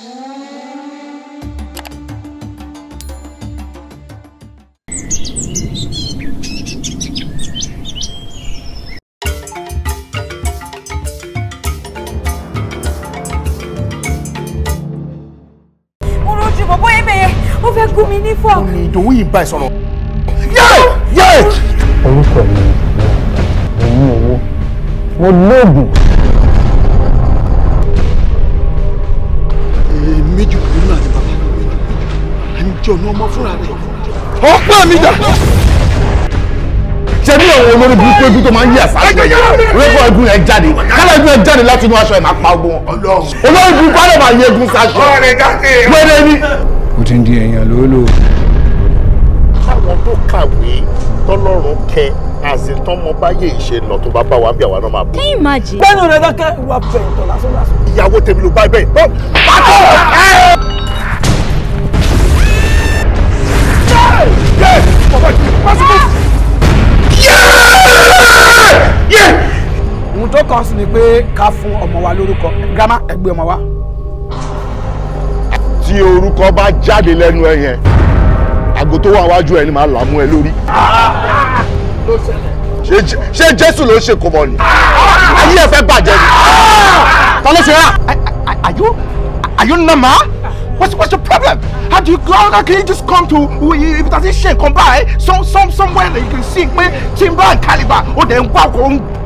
fún àwọn. òní ìdòwú yìí ń bá ẹ sọ̀rọ̀. orúkọ mi ò ní owó mo lóògùn. jọ̀nù ọmọ fúnra rẹ̀. ọ̀pọ̀ mi dà. ṣé bí àwọn olórí burúkú egun tó máa ń yí àṣà rẹ́pọ̀ egun yẹn jáde kálá egun yẹn jáde láti inú aṣọ ẹ̀ máa pa ogun olórí burúkú á lè máa yẹ egun sáṣọ wẹ́rẹ́ ni. ó ti ń di èèyàn lóòlò. káwọn tó kàwé tọ́lọ́run kẹ àṣì tọmọ báyé ìṣe tó bá bá wa bí àwa náà máa bọ. kí ìmájì. bẹ́ẹ̀ ni ọ̀rẹ́dá kẹ́ bẹ̀rẹ̀ tọ̀ lásán lásán. ìyàwó tèmi ló bá bẹ́ẹ̀. tó kàn sí ni pé ká fún ọmọ wa lórúkọ grandma ẹ gbé ọmọ wa. tí orúkọ bá jáde lẹ́nu ẹ yẹn àgọ́ tó wà wájú ẹ ni màá là mú ẹ lórí. ṣé jésù ló ṣe kò mọ̀ ni ayé ẹ fẹ́ bàjẹ́ ni ta ló ṣe rà. are you are you normal? What's, what's your problem? How do you how, how can you just come to if it doesn't shake come by some some somewhere that you can see pé timber and caliber ó dẹ̀ ń wá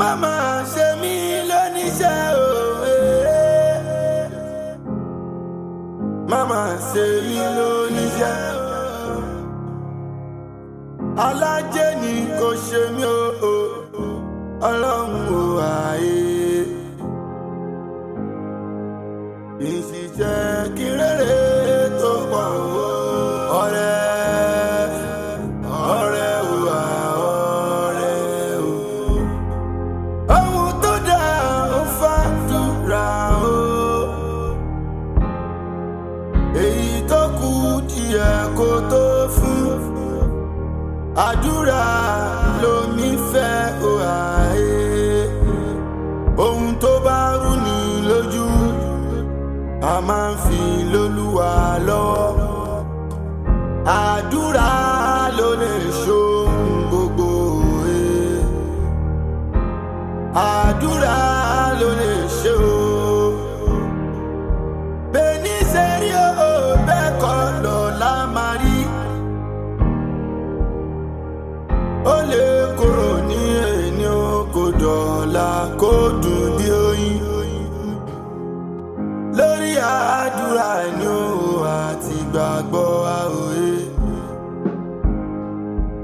mama ṣe mí lóníṣẹ́ o. Eh. mama ṣe mí lóníṣẹ́ alájẹ ni kò ṣe mí o ọlọ́run ò àyè. That.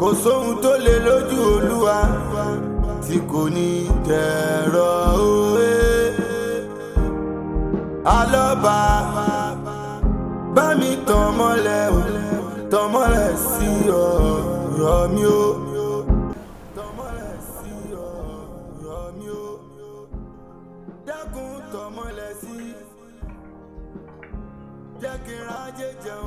kò sóhun tó lè lójú olúwa tí kò ní dẹ̀rọ̀ òwe. alọ́ba bá mi tàn mọ́lẹ̀ o tàn mọ́lẹ̀ sí ọ̀rọ̀ mi o. dákun tàn mọ́lẹ̀ sí jẹ́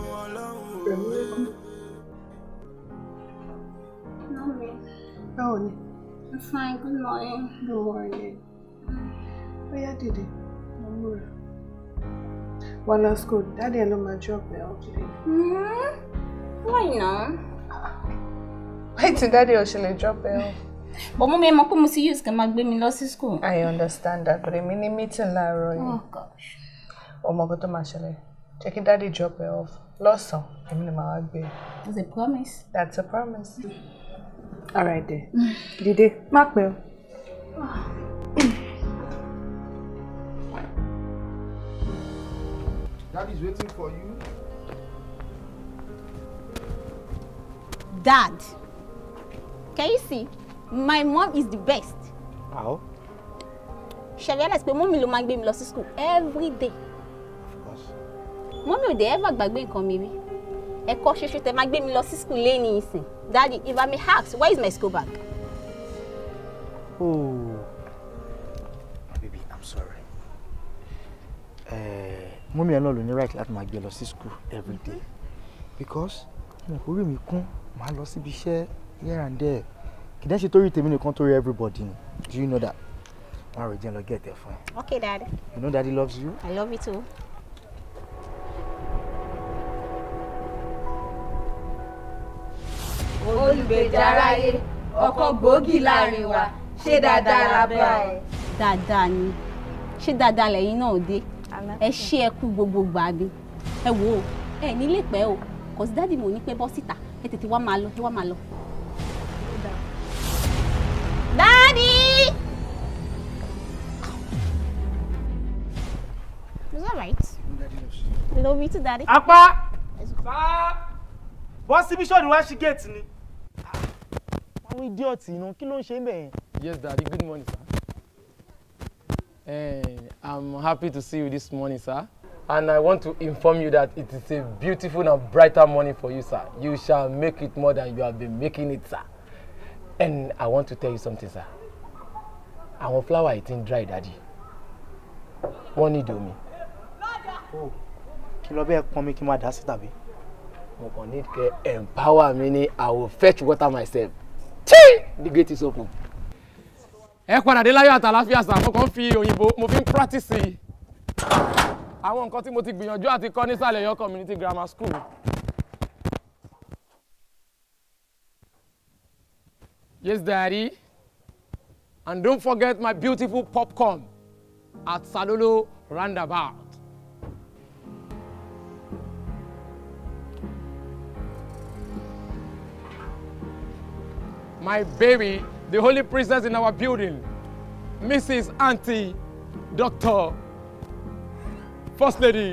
Báwo ni? I'm fine, good morning. Good morning. Mm. Ó yá dìde, mo múra. One last good, Daddy ẹ̀ ló máa drop ẹ̀ ọ̀kìlẹ̀. Mm-hmm. Why now? Why ti dáàdì ò ṣe lè drop ẹ̀ ọ̀? Bọ̀ mú mi ẹ mọ̀ use kẹ́ máa gbé mi school. I understand that, but èmi ní meeting láàárọ̀ Oh gosh. Ọmọ ọkọ tó máa ṣẹlẹ̀, daddy kí dáàdì drop ẹ̀ off lọ́sàn-án, èmi ni màá wá That's a promise. That's a promise. Mm ara ẹ̀dẹ̀ dìde má Mark me. Dad is waiting for you. Dad, can you see? My mom is the best. How? She realized pé Mom will máa ń gbé mi school every day. Of course. Mọ́mí ò dé ever gbàgbé nǹkan mi rí. Ẹ̀kọ́ ṣoṣo tẹ máa gbé mi lọ sí school lẹ́ni ìsìn. Daddy, if I may ask, where is my school bag? Oh, baby, I'm sorry. Eh, Mọ́mí ẹ̀ náà ló ní right láti máa gbé school every day mm-hmm. because orí mi My màá lọ síbi iṣẹ́ here and there kì í dẹ́ ṣe torí tèmi nìkan torí everybody do you know that? Màá rò jẹ́ lọ gẹ̀ẹ́tẹ̀ fún Okay, Daddy. You know Daddy loves you? I love you too. olùgbèjà aráyé ọ̀kan gbòógì láàrin wa ṣé dáadáa la bá ẹ. dáadáa ni ṣé dáadáa lẹ́yìn náà dé ẹ ṣé ẹ kú gbogbo gbà ẹ wò ó ẹ nílé pẹ́ o kò dáàdì mi ò ní pẹ́ bọ́ síta ẹ tètè wá máa lọ ẹ wá máa lọ. dáàdì. Is that right? Love you too, daddy. Apá! Apá! Bọ́sibíṣọ́ ni wá ṣí géètì ni àwọn idiot inú kí ló ń ṣe bẹ́ẹ̀. yes daddy good morning sir Hey, eh, i'm happy to see you this morning sir and i want to inform you that it is a beautiful and brighter morning for you sir you shall make it more than you have been making it sir and i want to tell you something sir Our flower yìí ti dry daddy wọ́n ní ìdòmí. Oh, kí lọ bẹ́ẹ̀ pọn mi kí n máa dá sí tàbí. mo kàn ní kẹ́ empower mi ni i will fetch water myself tí the gate is open. ẹ padà dé láyọ̀ àtàlàfíà sàn mo kàn ń fi òyìnbó mo fi ń practice àwọn nǹkan tí mo ti gbìyànjú àti kọ́ nísàlẹ̀ yọ community grammar school. yes daddy and don't forget my beautiful popcorn at Salolo roundabout. my baby, the holy priestess in our building, Mrs. Auntie, Doctor, First Lady,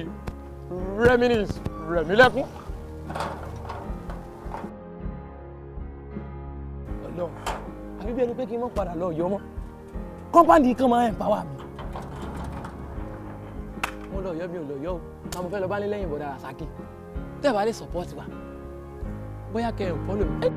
Reminis, Remilekun. Ọlọ́run, àbí bí ẹni pé kí n mọ́ padà lọ Ọ̀yọ́ mọ́. Kọ́mpáǹdì kan máa ń pàwá mi. Mo lọ Ọ̀yọ́ mi ò lọ Ọ̀yọ́ o, àwọn mo fẹ́ lọ bá lé lẹ́yìn bọ̀dà support wa, bóyá kẹ́ ẹ̀ ń follow mi.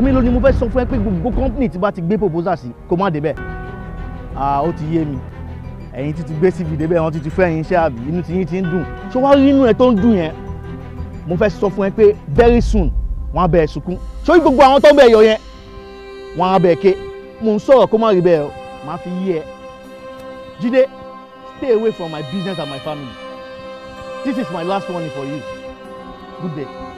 èmi ló ni mo fẹ́ sọ fún ẹ pé gbogbo company tí bá ti gbé proposal sí kó má débẹ̀ ah ó ti yé mi ẹ̀yin ti ti gbé CV débẹ̀ wọ́n ti ti fẹ́ yín iṣẹ́ àbí inú ti yín ti ń dùn ṣé wàá rí inú ẹ tó ń dùn yẹn mo fẹ́ sọ fún ẹ pé very soon wọ́n á bẹ̀ ẹ́ sunkún ṣé orí gbogbo àwọn tó ń bẹ̀ yọ yẹn wọ́n á bẹ̀ ẹ́ ké mo ń sọ̀rọ̀ kó má rí bẹ́ẹ̀ o màá fi yí ẹ Jídé stay away from my business and my family this is my last warning for you good day.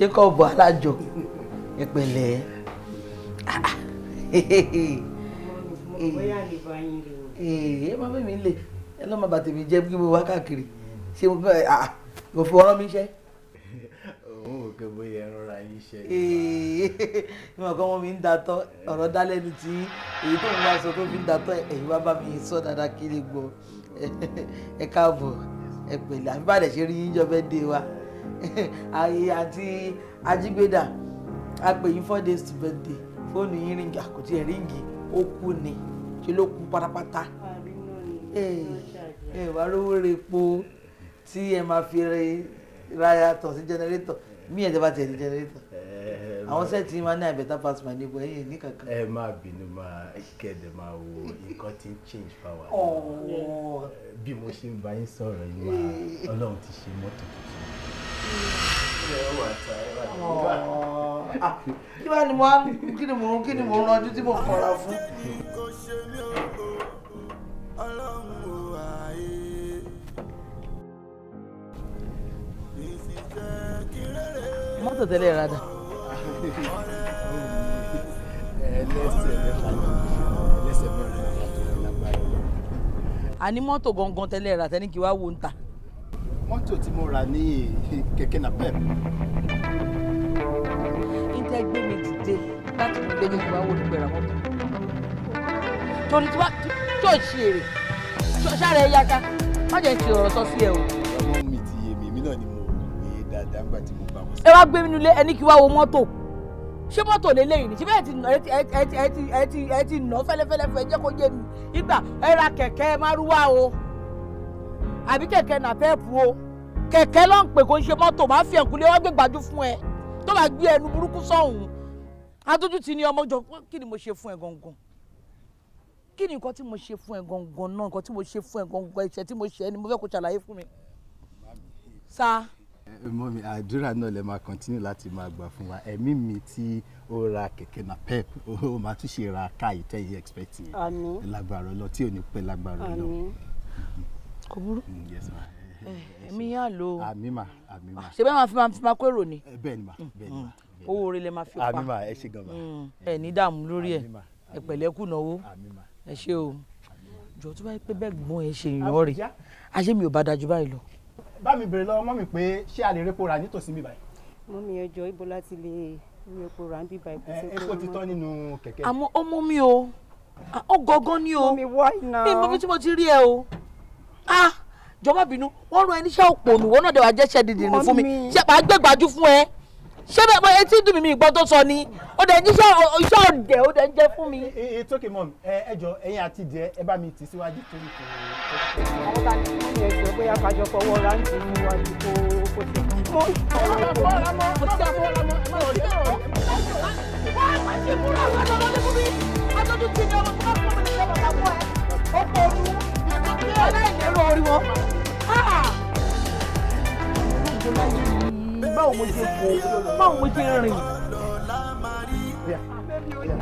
Jacob alájọ ẹ pẹ̀lẹ́. Eh, ẹ má bẹ́ẹ̀ mi lè ẹ lọ́ọ́ má bàtà mi jẹ́ kí mo wá káàkiri ṣé mo fẹ́ kò ah, fi ọ̀rọ̀ mi ṣẹ́. òun ò eh, pé bóyá ẹran ra yín ṣe. ìmọ̀ kan wọn mi ń datọ́ ọ̀rọ̀ dálẹ́nu tí èyí tó ń wá sọ tó fi ń datọ́ ẹ̀yìn wá bá mi sọ dáadáa kí lè gbọ́ ẹ káàbọ̀ ẹ pẹ̀lẹ́ àbí ṣe rí yín jọ bẹ́ẹ̀ dé wa ayé àti ajígbéda a pè yín four days to birthday fóònù yín ríngì àkùtì ẹ̀ ríngì ó kú ni ṣe ló kú pátápátá ẹ eh, eh, wá rówó repo tí ẹ máa fi ra yàtọ̀ sí jẹnẹrétọ̀ mí ẹ̀ jẹ́ bá tiẹ̀ ní jẹnẹrétọ̀ àwọn sẹ́ẹ̀tì máa ní I pass my neighbor ẹ̀yìn ní kankan. Eh, ẹ máa bínú máa kẹ́dẹ̀ máa wo nǹkan tí ń change power. Oh. bí mo ṣe ń bá yín sọ̀rọ̀ yìí máa ọlọ́run ti ṣe mọ́tò tuntun kí wàá ni mo kí ni mo kí ni mo ń rọjú tí mo kọra fún. mọ́tò tẹ́lẹ̀ rádà. ẹlẹ́sẹ̀ mẹ́fà mọ́tò gangan tẹ́lẹ̀ rà tẹ́ni kí wàá wo ń ta mọ́tò tí mo rà ní kẹ̀kẹ́ napep. ìdá ẹgbẹ́ mi dìde láti gbé mi ìwà wo nígbà ìràwọ̀ mi. torí tí wàá tó ṣe èrè ṣọ́ṣára ẹ̀yà ká má jẹ́ ti ọ̀rọ̀ sọ sí ẹ o. ọmọ mi ti yé mi èmi náà ni mo yé dáadáa nígbà tí mo bá wọn. ẹ wá gbé mi nulẹ̀ ẹni kí wá wo mọ́tò ṣé mọ́tò lélẹ́yìn ni síbẹ̀ ẹ ti nà fẹ́lẹ́fẹ́lẹ́ fẹ́ jẹ́ kó jẹ́ mi ìgbà ẹ ra kẹ̀kẹ́ márúwá o àbí kẹ̀kẹ́ náà fẹ́ bu o kẹ̀kẹ́ ló ń pè kó ń ṣe mọ́tò máa fi ẹ̀kúnlé wá gbé gbàdú fún ẹ tó bá gbé ẹnu burúkú sọ̀hún adójú ti ní ọmọ jọ kí ni mo ṣe fún ẹ gangan kí ni nǹkan tí mo ṣe fún ẹ gangan náà nǹkan tí mo ṣe fún ẹ gangan ẹ̀ṣẹ̀ tí mo ṣe ẹni mo fẹ́ kó ṣàlàyé fún mi. sa. mọ mi àdúrà náà lè máa kọ́ntínú láti máa gbà fún wa ẹ̀mí mi tí ó ra kẹ̀kẹ́ na pep ó máa tún ṣe ra káyìí tẹ́yìn expect yẹn lágbára lọ tí ò ní pẹ́ lágbára lọ kò burú èmi yàn lò ó ṣe bẹ́ẹ̀ máa fi máa fi máa kó èrò ni eh, mm, mm. owó orí lè máa fi pa mm, ẹ ní dààmú lórí ẹ ẹ pẹ̀lẹ́ kù náwó ẹ ṣe o jọ tó bá yẹ pé bẹ́ẹ̀ gbọ́n ẹ ṣe ìyàn rẹ̀ àṣé mi ò bá dájú báyìí lọ. bá mi bèrè lọ́wọ́ mọ́mì pé ṣé a lè repo rà nítòsí mi báyìí. mọ́mì ẹ jọ̀ọ́ ibo láti lè ní epo rà ń bí báyìí. Eh, epo ti tán nínú kẹ̀kẹ́. àmọ́ ó mú mi o ah, ó gọgán ni o mọ́mì wá iná. bí mo fi tí mo ti rí ẹ o ah jọ̀ọ́ bínú wọ́n rán ẹníṣẹ́ òpònú wọn náà dẹwà jẹṣẹ dìdìrì fún mi ṣe máa gbé gbájú fún ẹ ṣé bẹ́ẹ̀ bọ etí dùn mí mi ìgbọ́ tó sọ ni ó dẹ̀ níṣẹ́ iṣẹ́ ọ̀dẹ̀ ó dẹ̀ ń jẹ fún mi. it's okay mom ẹ jọ ẹ̀yin àti ìdíẹ ẹ bá mi tì síwájú torí kò. àwọn bá ti fún mi ẹsẹ̀ bóyá kájọ fọwọ́ rántí mi wájú kó kó tẹ̀. mo ti tẹ̀ wọ́n lọ́mọ mo ti tẹ̀ wọ́n lọ́mọ ẹ má lọ rí ọ̀rọ̀ ẹ má lọ rí ọ̀rọ̀ wọ́n á pàṣẹ ìmúra àwọn ọmọdé fún mi báwo mo ṣe kó báwo mo ṣe rìn.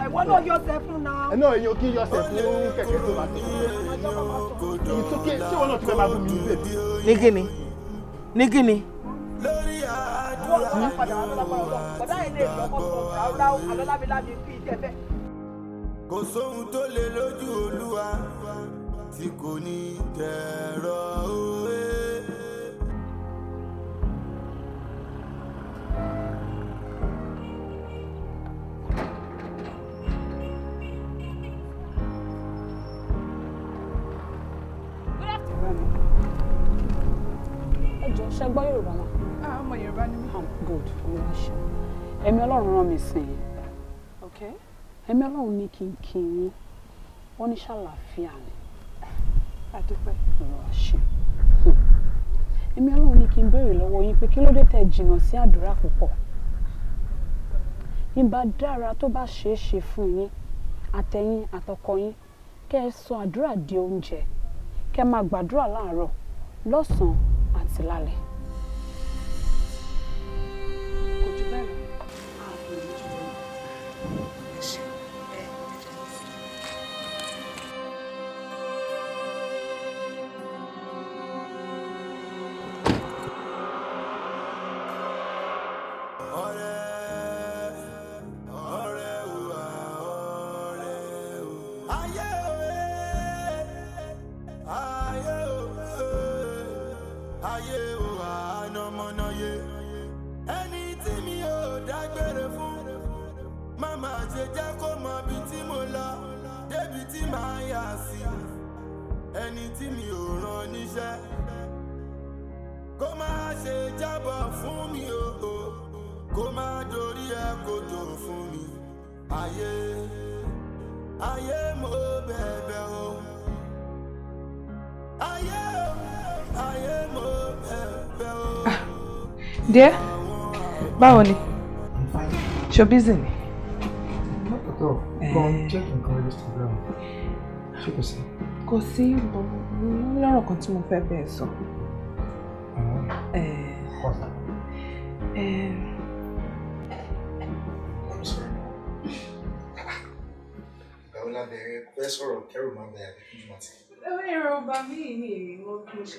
Ìwọ náà yọ ọsẹ fún náà. Ẹ náà èyàn kí yọ ọsẹ fún kẹ̀kẹ́ tó bá tó. Ìtúkẹ́ ṣé ìwọ náà ti fẹ́ máa bú mi nílé bí? Ní kíni? Ní kíni? kò sóhun tó lè lójú olúwa tí kò ní tẹ̀rọ o. ṣe gbọ́ yorùbá mọ́. Ah, ọmọ yorùbá ni mí. Ah, good olúwa ṣe ẹ̀mí ọlọ́run rán mi sìn yín ẹ̀mí ọlọ́run ní kí n kí yín wọ́n ní ṣàlàáfíà ni. àdúpẹ́. olúwa ṣe ẹ̀mí ọlọ́run ní kí n béèrè lọ́wọ́ yín pé kí ló dé tẹ̀ jìnnà sí àdúrà púpọ̀ ìbá dára tó bá ṣeé ṣe fún yín àtẹ̀yìn àtọkọ yín kẹ́ ẹ sọ àdúrà di oúnjẹ kẹ́ ẹ máa gbàdúrà láàárọ̀ lọ́sàn-án àti lálẹ́. ayé ayé mo bẹ̀bẹ̀ o ayé ayé mo bẹ̀bẹ̀ o. díẹ̀ báwo ni ṣo bízì ni. instagram ṣé kò sí. kò sí lọ́rọ̀ kan tí mo fẹ́ bẹ́ẹ̀ sọ. ọ̀sán. fẹ́ oh, í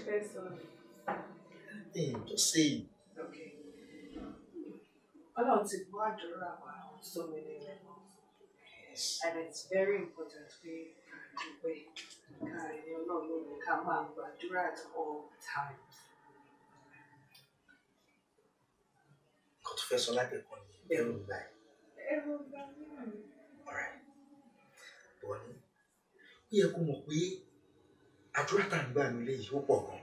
fẹ́ sọ. ẹ̀yìn tó ṣe yìí. Ọlọ́run so many levels and it's very important pé pé káàrin ní Ọlọ́run ní ká máa gbàdúrà at all times. kò All right. ó yẹ kó mọ̀ pé àdúrà tá à ń gbà nílé yìí ó pọ̀ gan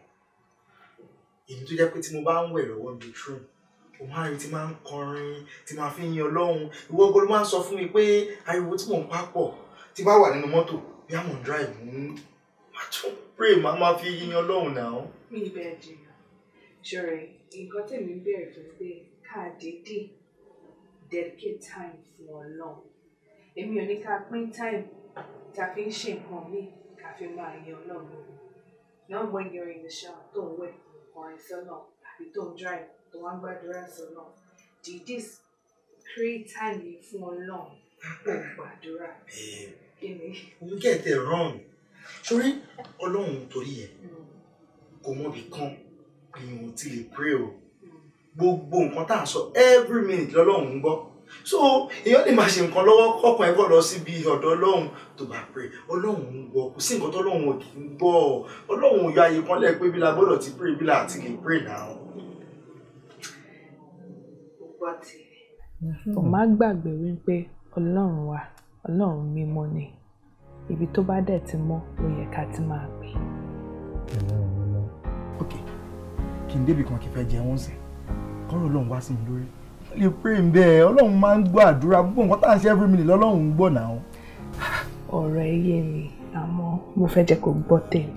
èmi tó jẹ́ pé tí mo bá ń wẹ̀ lọ́wọ́ ní bedroom mo máa rí ti máa ń kọrin ti máa fi yin ọlọ́run ìwọ ogun máa ń sọ fún mi pé ariwo tí mò ń pa pọ̀ tí bá wà nínú mọ́tò bí àmọ̀ ń drive mú máa tún pray máa máa fi yin ọlọ́run náà. mi ì bẹ́ẹ̀ jìyà ṣọ̀rẹ́ nǹkan tèmi bẹ̀rẹ̀ fún pé káàdédé dedicate time fún ọlọ́run èmi ò ní ká time tá a fi ń ṣe nǹkan míì ká fi máa yẹ ọlọ́run lò now when you're in the shower tó ń wẹ̀ ọ̀rìn sọ́nà àbí tó ń drive tó wá ń gbàdúrà sọ́nà did this create time yìí fún ọlọ́run kó gbàdúrà kí ni. you get it wrong sórí ọlọ́run torí ẹ̀ hmm. kò mọ̀bi kan èèyàn ò ti lè pray o hmm. gbogbo nǹkan tá à sọ every minute lọ́lọ́run ń gbọ́ so èèyàn lè máa ṣe nǹkan lọ́wọ́ kọ̀ọ̀kan ẹ̀kọ́ lọ síbi ọ̀dọ̀ ọlọ́run tó bá pray ọlọ́run ń gbọ́ kò sí nǹkan tọ́lọ́run ò kì í gbọ́ ọlọ́run ò yọ ayé kan lẹ́ẹ̀ bí la gbọ́dọ̀ ti pray bí la àti kì í pray náà. kò má gbàgbé wípé ọlọ́run wa ọlọ́run mímọ́ ni ibi tó bá dẹ̀ ti mọ́ ló yẹ ká ti máa gbé. ok kí n débì kan kí n fẹ́ jẹun sí mi lórí lè pray ń bẹ́ẹ̀ ọlọ́run máa ń gbọ́ àdúrà gbogbo nǹkan tá à ń ṣe every minute lọ́lọ́run ń gbọ́ náà. ọ̀rọ̀ ẹ yé mi àmọ́ mo fẹ́ jẹ́ kó gbọ́ tèmi.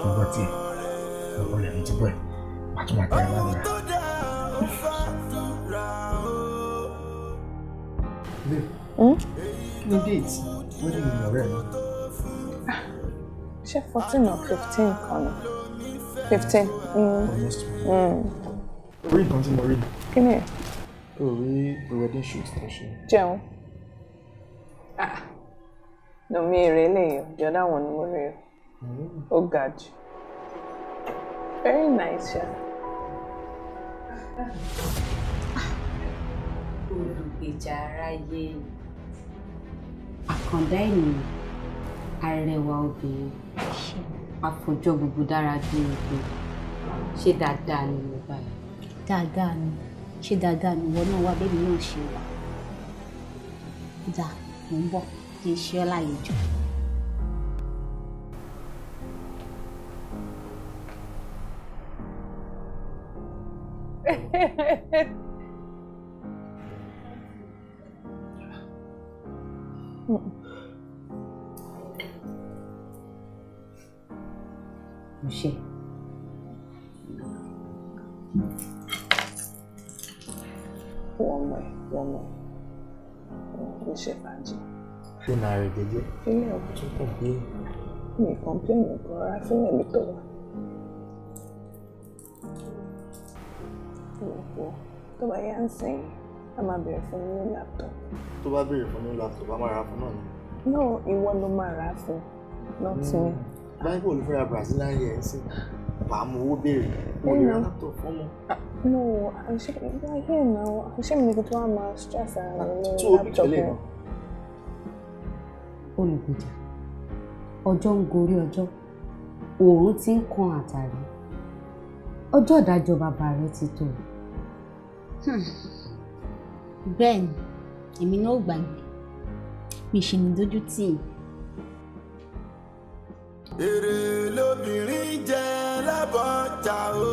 kí gbọ́ tiẹ̀ ọ̀rọ̀ rẹ̀ ti bọ̀ ẹ̀ màá tún máa tẹ̀ ẹ́ ládùúrà. Hm? ní déètì wedding ni ọ̀rẹ́ mi. ṣé fourteen or fifteen kan ni fifteen. Mm. almost. Mm orí ìtàn tí mo rí ni. kí ni ẹ. o rí wedding shoot tó ṣe. Ah, nomi èrè lèèyàn jọdá àwọn ni mo rí o hmm. ó ga jù very nice ṣá. olùgbèjà aráyé àkàndá ènìyàn arẹwà obìnrin àfọjọ gbogbo dára bí ogun ṣé dáadáa ni mo bá yà dáadáa ni ṣe dáadáa ni ìwọ náà wá bẹ́ẹ̀ mi náà ṣe wà dà mò ń bọ̀ kí n ṣe ọ́ láàyè jù. mo ṣe wrong way wrong way ní ṣe fàájì. ṣé màá rẹ̀ jẹjẹ. fílẹ̀ ò tún kọ̀m̀pléènì. mi kọ̀m̀pléènì kan rárá fílẹ̀ mi tó wà. ìyàpọ̀ tó bá yá ń sìn laptop. tó bá bèrè fún mi laptop a máa rà fún náà ni. náà ìwọ ló not me. Hmm. báyìí kò ní fẹ́ ra Brazilian yẹn bá mú owó béèrè mo mm. ah, no àṣẹ ayé ìná àṣẹ mi ni kí wọ́n máa stress ara ah, mi ní laptop náà. olùgbèjà ọjọ́ ń gorí ọjọ́ òòrùn ti ń kan àtàrí ọjọ́ ìdájọ́ bàbá rẹ èrè lóbìnrin jẹ lábọ́jà o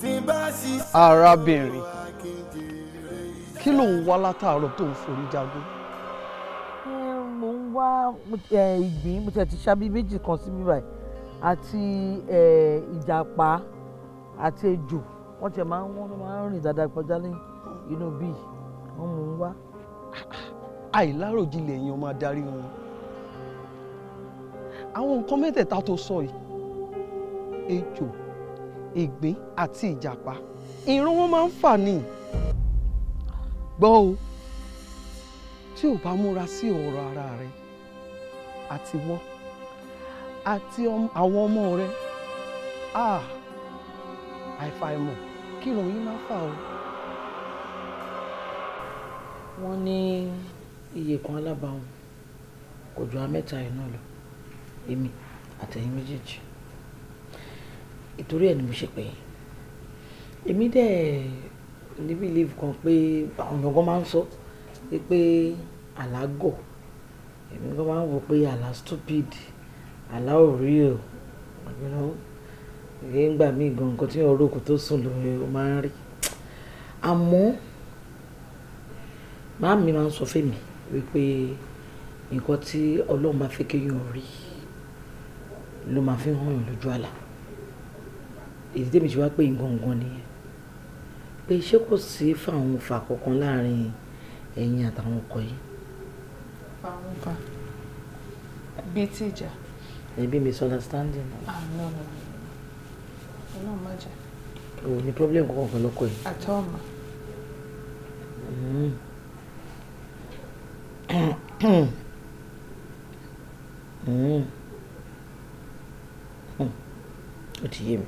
tí bá ṣiṣẹ́. arábìnrin kí ló ń wá látàárọ̀ tó ń forí jago. mo ń wá ìgbín mo ti ṣábí méjì kan sí bíbá yìí àti ìjàpá àti ejò wọ́n ti máa ń wọ́n máa ń rìn dáadáa kọjá ní inú bíi wọ́n mú un wá. àìláròjinlẹ̀ èèyàn máa darí wọn àwọn nǹkan mẹ́tẹ̀ẹ̀ta tó sọ yìí ejò ègbé àti ìjàpá ìran wọn máa ń fà ní gbọ́ o tí ò bá múra sí ọ̀rọ̀ ara rẹ àti wọ́ àti àwọn ọmọ rẹ àìfàìmọ̀ kí ìran yín má fà o. wọ́n ní iye kan alábàáhùn kò ju amẹ́ta iná lọ èmi àtẹ̀yin méjèèjì ìtorí ẹ̀ ni mo ṣe pè é èmi dẹ̀ ní bílíìfù kan pé àwọn èèyàn kan máa ń sọ pé àlágọ̀ èmi kan máa ń wò pé àlá stupid àlá ò rí o ìyẹn ń gbà mí gan nǹkan tí ọ̀rọ̀ kò tó sùn lórí o máa ń rí àmọ́ màá mi máa ń sọ fún mi wípé nǹkan tí ọlọ́run bá fẹ́ kéèyàn rí i ló máa fi ń hàn yàn lójú àlá èyí tèmi ṣe wá pé ngangan nìyẹn pé ṣé kò sí fáwọn fà kankan láàrin ẹ̀yin àtàwọn ọkọ yìí. fáwọn fà bíi tí ìjà. ẹbí misunderstanding. ah no no ọlọ́run má jẹ́. o ní problem kankan pẹ̀lú ọkọ yìí. àtọ́ ọ̀ma. mm. ó ti yé mi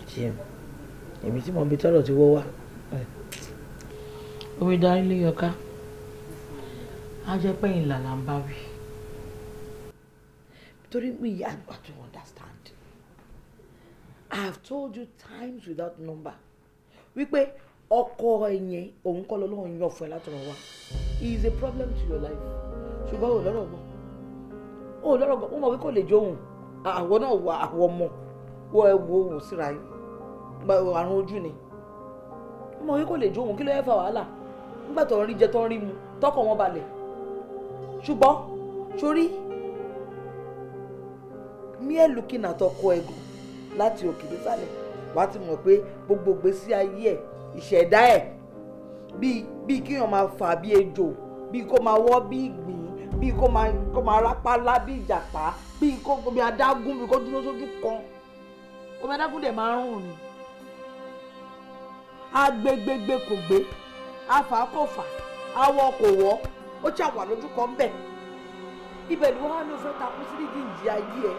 ó ti yé mi èmi tí mo bi tọrọ ti wọ́ wá. omi darí lé yọká á jẹ́ pẹ́yìn làlà ń bá wí. torí ìyá àgbà tó understand I have told you times without number wípé ọkọ ẹ̀yìn òun kọ́ lọ́lọ́run yàn fún ẹ látọ̀rọ̀ he is a problem to your life ṣùgbọ́n ò lọ́rọ̀ gbọ́ ò lọ́rọ̀ mọ̀ àwọn náà wà àwọn ọmọ wọ ẹ wo wò síra yìí àrùn ojú ni ọmọ yìí kò lè jó òun kí ló yẹ fa wàhálà nígbà tó ń rí jẹ tó ń rí mu tọkàn wọn balẹ̀ ṣùgbọ́n sórí mere looking at ọkọ ẹ̀gàn láti òkè nísàlẹ̀ wàá ti mọ̀ pé gbogbo gbèsè ayé ẹ̀ ìṣẹ̀dá ẹ̀ bíi bíi kíyàn máa fà bí ejò bíi kó máa wọ́ bí ìgbín bíi kó máa kó máa rápálá bíi ìjàpá bíi kó bíi adágún bíi kó dúró sójú kan omi adágún dẹ̀ máa ń rùn ni agbègbègbè kò gbé afà kò fà awọ kò wọ ó ṣàwà lójú kan ń bẹ ibẹ̀ ni wọ́n á lọ fẹ́ takú sí nídìí ìjì ayé ẹ̀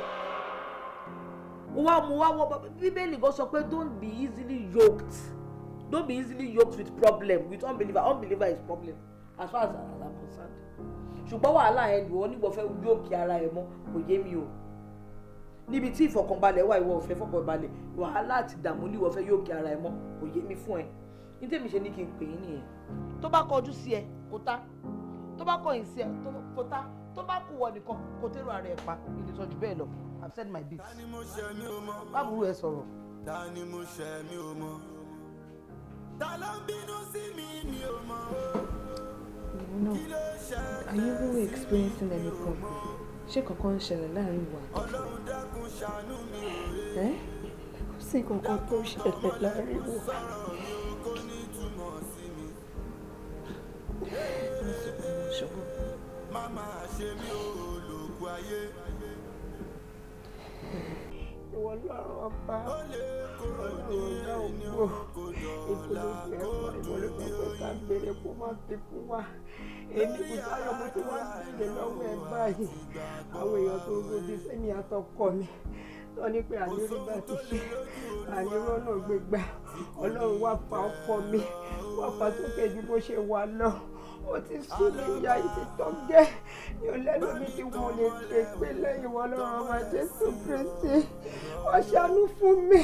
wọ́n á mú wá wọ́n bíbélì gan sọ pé don't be easily yoked don't be easily yoked with problem with unbeliever unbeliever is problem as far as I concerned ṣùgbọ́n wàhálà yẹn lù ọ́ nígbà fẹ́ yóò kí ara ẹ̀ mọ́ kò yé mi o níbi tí ìfọ̀kànbalẹ̀ wà ìwọ ọ̀fẹ́ fọ̀kànbalẹ̀ wàhálà àti ìdààmú ní fẹ́ yóò kí ara ẹ̀ mọ́ kò yé mi fún ẹ ní tèmi ṣe ní kí n pè é nìyẹn. tó bá kọjú sí ẹ kó tá tó bá kọyìn sí ẹ kó tá tó bá kù wọ nìkan kó tẹ́rù ara ẹ̀ pa ìdìtọ́jú bẹ́ẹ̀ lọ I've said my bit. báburú ẹ sọ̀rọ̀. ta ni mo ṣe mi ò mọ̀ ta ló ń bínú sí mi mi ò mọ̀ o. No. Are you really experiencing any problem? Ṣé kankan ń ṣẹlẹ̀ láàrin ìwà àtọ̀kọ? Ẹ́ eh? kò sí kankan tó ń ṣẹlẹ̀ láàrin ìwà. Mama ìwọ lọ́rùn ọba ọlọ́run ọ̀gá ògbó ìpolówó ẹ̀fọ́ ìwọlọ́gbọ̀n tó ta béèrè kó má fi fún wa èmi kò sáyọ̀ mo ti wá sílẹ̀ lọ́wọ́ ẹ báyìí àwọn èèyàn tó ń gbòdì sẹ́mi àtọkọ mi tó ní pé àlérí bá ti ṣe àlérò náà gbégbá ọlọ́run wá pa ọkọ mi wá pa sókè ju bó ṣe wà náà ó ti sún mi ìyá yìí ti tọ́ gẹ́ yóò lẹ́nu mi tí mo lè pè pé lẹ́yìn wọn lọ́rọ̀ ọmọ Jésù Kristi ó ṣàánú fún mi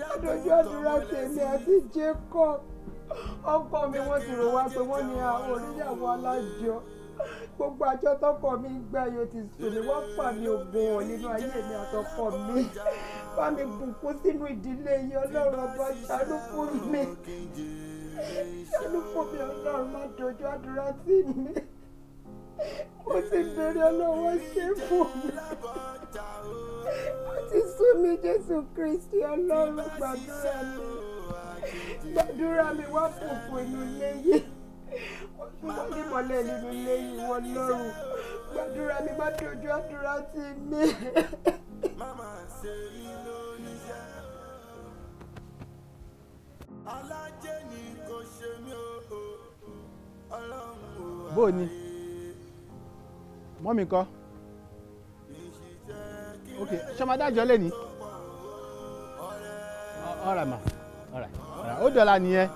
lọ́dọ̀jú àdúrà tèmi àti Jacob ọkọ mi wọ́n ti rò wá pé wọ́n ní àwọn oníyàwó alájọ gbogbo àjọ tọkọ mi gbà yóò ti sùn ní wọ́n fà mí ògùn ọ̀ nínú ayé mi àtọkọ mi bá mi bùkún sínú ìdílé yìí Ọlọ́run ọba ṣàánú fún mi olùfọ̀mí ọlọ́run má dojú àdúrà sí mi mo ti bẹ̀rẹ̀ ọlọ́wọ́ ṣe fún mi ó ti sún mi jésù kristi ọlọ́run gbàdúrà mi gbàdúrà mi wá fòfò inú ilé yìí wọ́n ní mọ̀lẹ́ nínú ilé yìí wọ́n lọ́rùn gbàdúrà mi má dojú àdúrà sí mi. alájẹ ni kò ṣe mí o ọlọ́run o àyè. bó o ní mọ́mí kọ́ ok ṣọmadájọ́ lẹ́ni ọ̀rẹ́ mà ọ̀rẹ́ ọ̀rẹ́ ó dọ̀la nìyẹn.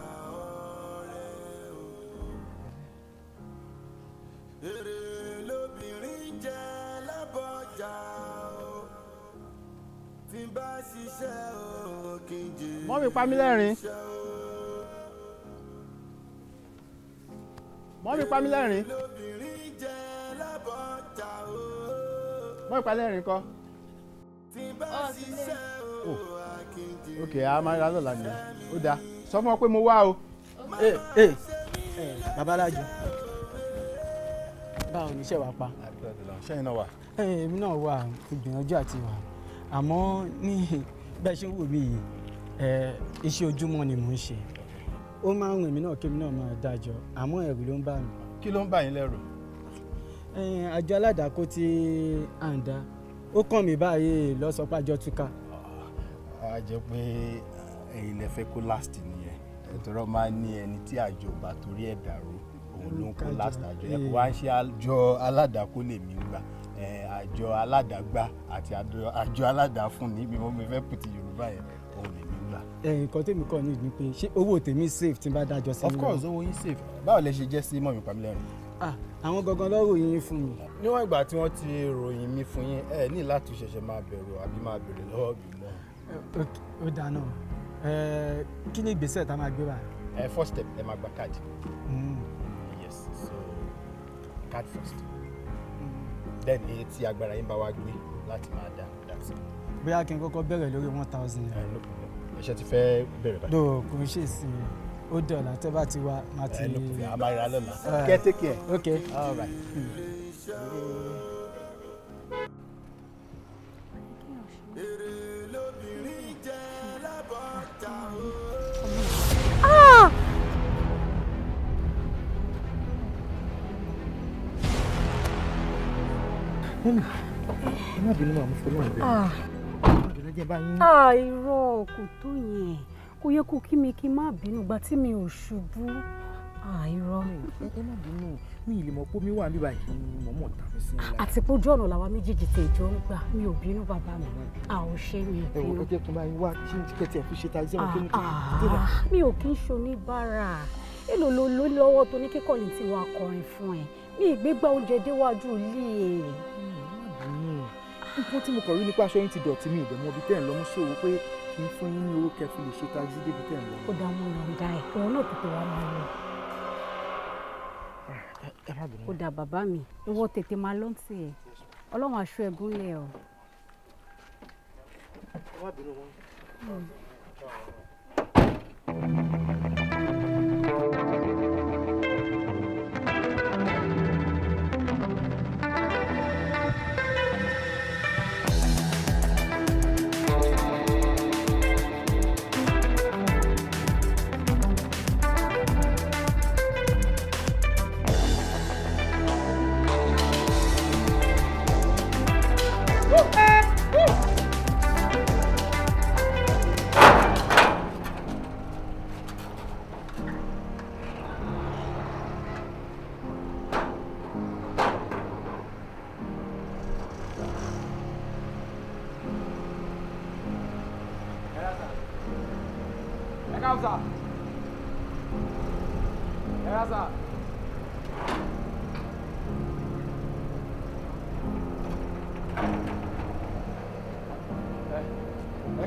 mọ́mí pa mí lẹ́rìn-ín. mọ́ mi pa mí lẹ́rìn. mọ́ mi pa lẹ́rìn kọ́. ọ oh, sílẹ̀. ok a máa ra lọ́la nìyẹn ó dáa sọ fún ọ pé mo wá o. ẹ eh, ẹ eh, eh, babaláàjọ báwo ni iṣẹ́ wa pa. sẹ́yìn náà wà. èmi náà wà ìgbìyànjú àti wà àmọ́ ní bẹ́ẹ̀ ṣe ń wò mí yìí iṣẹ́ ojúmọ́ ni mò ń ṣe ó máa ń rìn mí náà kémi náà máa dájọ́ àmọ́ ẹ̀rù ló ń bà mí. kí ló ń bà yín lẹ́rù. àjọ aládàákó tí à ó kàn mí báyìí lọ́sọ̀pájọ túká. a jẹ pé ẹ̀yin lè fẹ́ kó last nìyẹn ẹtọrọ máa ní ẹni tí àjọ bá torí ẹ̀ dàrú òun ló ń kó last àjọ ẹ kó wá ń ṣe àjọ aládàákó lè mí gbà àjọ aládàágbà àti àjọ aládàáfún níbi mo fẹ́ pùtì yorùbá yẹn. Eh, nǹkan tèmi kọ́ ní ìdí pé ṣé owó tèmi safe tí n bá dájọ́ sí mi. of course owó yín safe báwo lẹ ṣe jẹ́ sí mọ̀mí pàmílẹ́rìn. Ah, àwọn gangan ló ròyìn yín fún mi. níwọ̀n ìgbà tí wọ́n ti ròyìn mi fún yín ẹ ní láti ṣẹ̀ṣẹ̀ máa bẹ̀rù àbí máa bèrè lọ́wọ́ mi mọ́. Eh, ó dáná eh, kí ni ìgbésẹ̀ tá a máa gbé wa. first step ẹ máa gba káàdì. Hmm. yes so card first hmm. then èyí tí agbára yín bá wá gbé láti máa dá. bóyá kí n kọ́kọ́ bẹ̀rẹ̀ lórí one thousand iṣẹ́ ti fẹ́ bẹ̀rẹ̀ báyìí. dò kò ṣe sí i ó dọ̀là tẹ́ bá ti wá má ti. ẹnu kùnà amáyéra lọ́la kẹ́ take care. ok all right. Ah! Mami, ẹ má bínú màmú fọlọ́run jẹ bá yín. a irọ́ kò tó yẹn kò yẹ kó kí mi kí n má bínú gba tí mi ò ṣubú a irọ́. ẹ má bínú mi ì lè mọ pé mi wà níbà yìí ni mo mọ̀ tàbí sí i. àti pé ojú ọ̀nà làwa méjèèjì tẹ̀ jọ ń gbà mi ò bínú bàbá mi a ò ṣe mi ò bínú. ẹ wò ó jẹ́ kí n bá yín wá kí n kẹ́tì ẹ̀ fi ṣe tàbí sẹ́wọ̀n kí n kí n dé mi ò kí ń ṣoníbàárà èlò ló ló lọ́wọ́ tó ní kíkọ́ ní tiwa kọrin fún ẹ mi ìgbégbá oúnjẹ déwájú ilé ẹ̀ nǹkan tí mo kọ̀ rí nípa aṣọ yín ti dọ̀tí mi ìbẹ̀mọ́ bí tẹ̀ ń lọ mú ṣòwò pé kí n fún yín ní owó kẹfì lè ṣe taxi débi tẹ̀ ń lọ. ó dá mọ́ ọ̀nà ìdá ẹ̀ òun náà tètè wá máa lọ. ó dá bàbá mi ìwọ tètè máa lọ́n tì ẹ̀ ọlọ́run aṣọ ẹ̀gún lẹ̀ ọ́. ẹ wọn.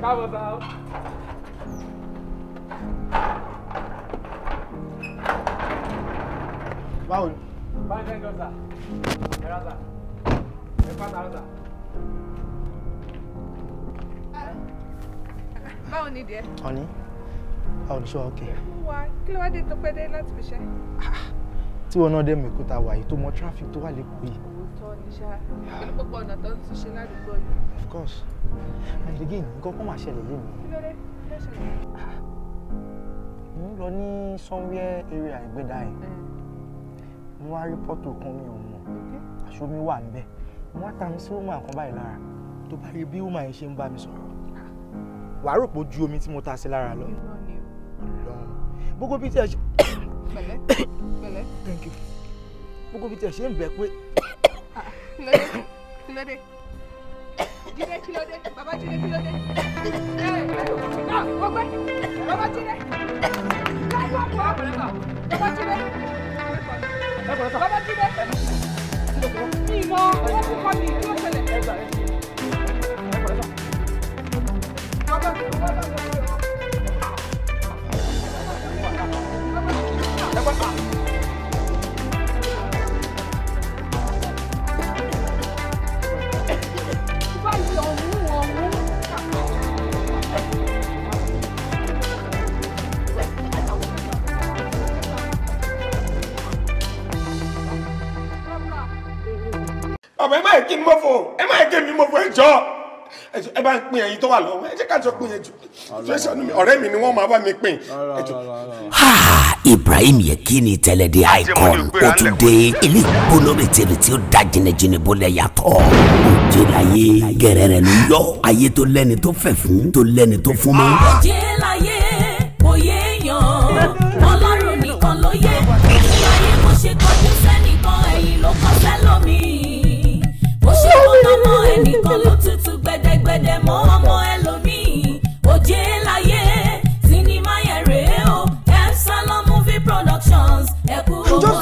I was out. Báwo ni? Báwo ni ẹ̀gbọ́n sà? Ẹ̀rọ sà? Ẹ̀fọ́ àtàrà sà? Báwo ni díẹ̀? Ọ̀ní. Báwo ni ṣé wa ókè? Wà kí ló wá dé tó pẹ́ dé láti fi ṣẹ́? Tí wọn náà Of course and again nǹkan kan máa ṣẹlẹ̀ lé mo ń lọ ní somewhere area ìgbéda ẹ̀ mo wá rí pọ́tò kan mi ò mọ̀ aṣọ mi wà níbẹ̀ mo wá ta mi sí woman kan báyìí lára tó bá rí bí woman yẹn ṣe ń bá mi sọ̀rọ̀ wàá rò pé ju omi tí mo ta sí lára lọ. gbogbo bí tí ẹ ṣe. pẹ̀lẹ́ pẹ̀lẹ́. thank you gbogbo bí tí ẹ ṣe ń bẹ pé. lóde ah, lóde. Babajide kí ló dé Babajide kí ló dé. náà mo gbé Babajide láì wá pọ̀ àpòlẹ́pà Babajide Babajide ìmọ̀ owó kúkọ mi kí ló ṣẹlẹ̀. Babajide Babajide. bàbá ẹ má yẹ kí n mọ́fọ́ ẹ má yẹ kí n mọ́fọ́ ẹ jọ ẹ bá ń pín ẹyin tó wà lọ́wọ́ ẹ jẹ́ ká jọ pín ẹjọ́ fẹsànù mi ọ̀rẹ́ mi ni wọ́n máa bá mi pín ẹjọ́. Ibrahim Yekini tẹlẹdi icon ó tún dé ilé ìgbóná retire tí ó da jìnnìjìnnì bólẹ̀ yàtọ̀ òjò láyé gẹ̀rẹ́ rẹ̀ ló yọ ayé tó lẹ́ni tó fẹ̀ fún tó lẹ́ni tó fún mọ́.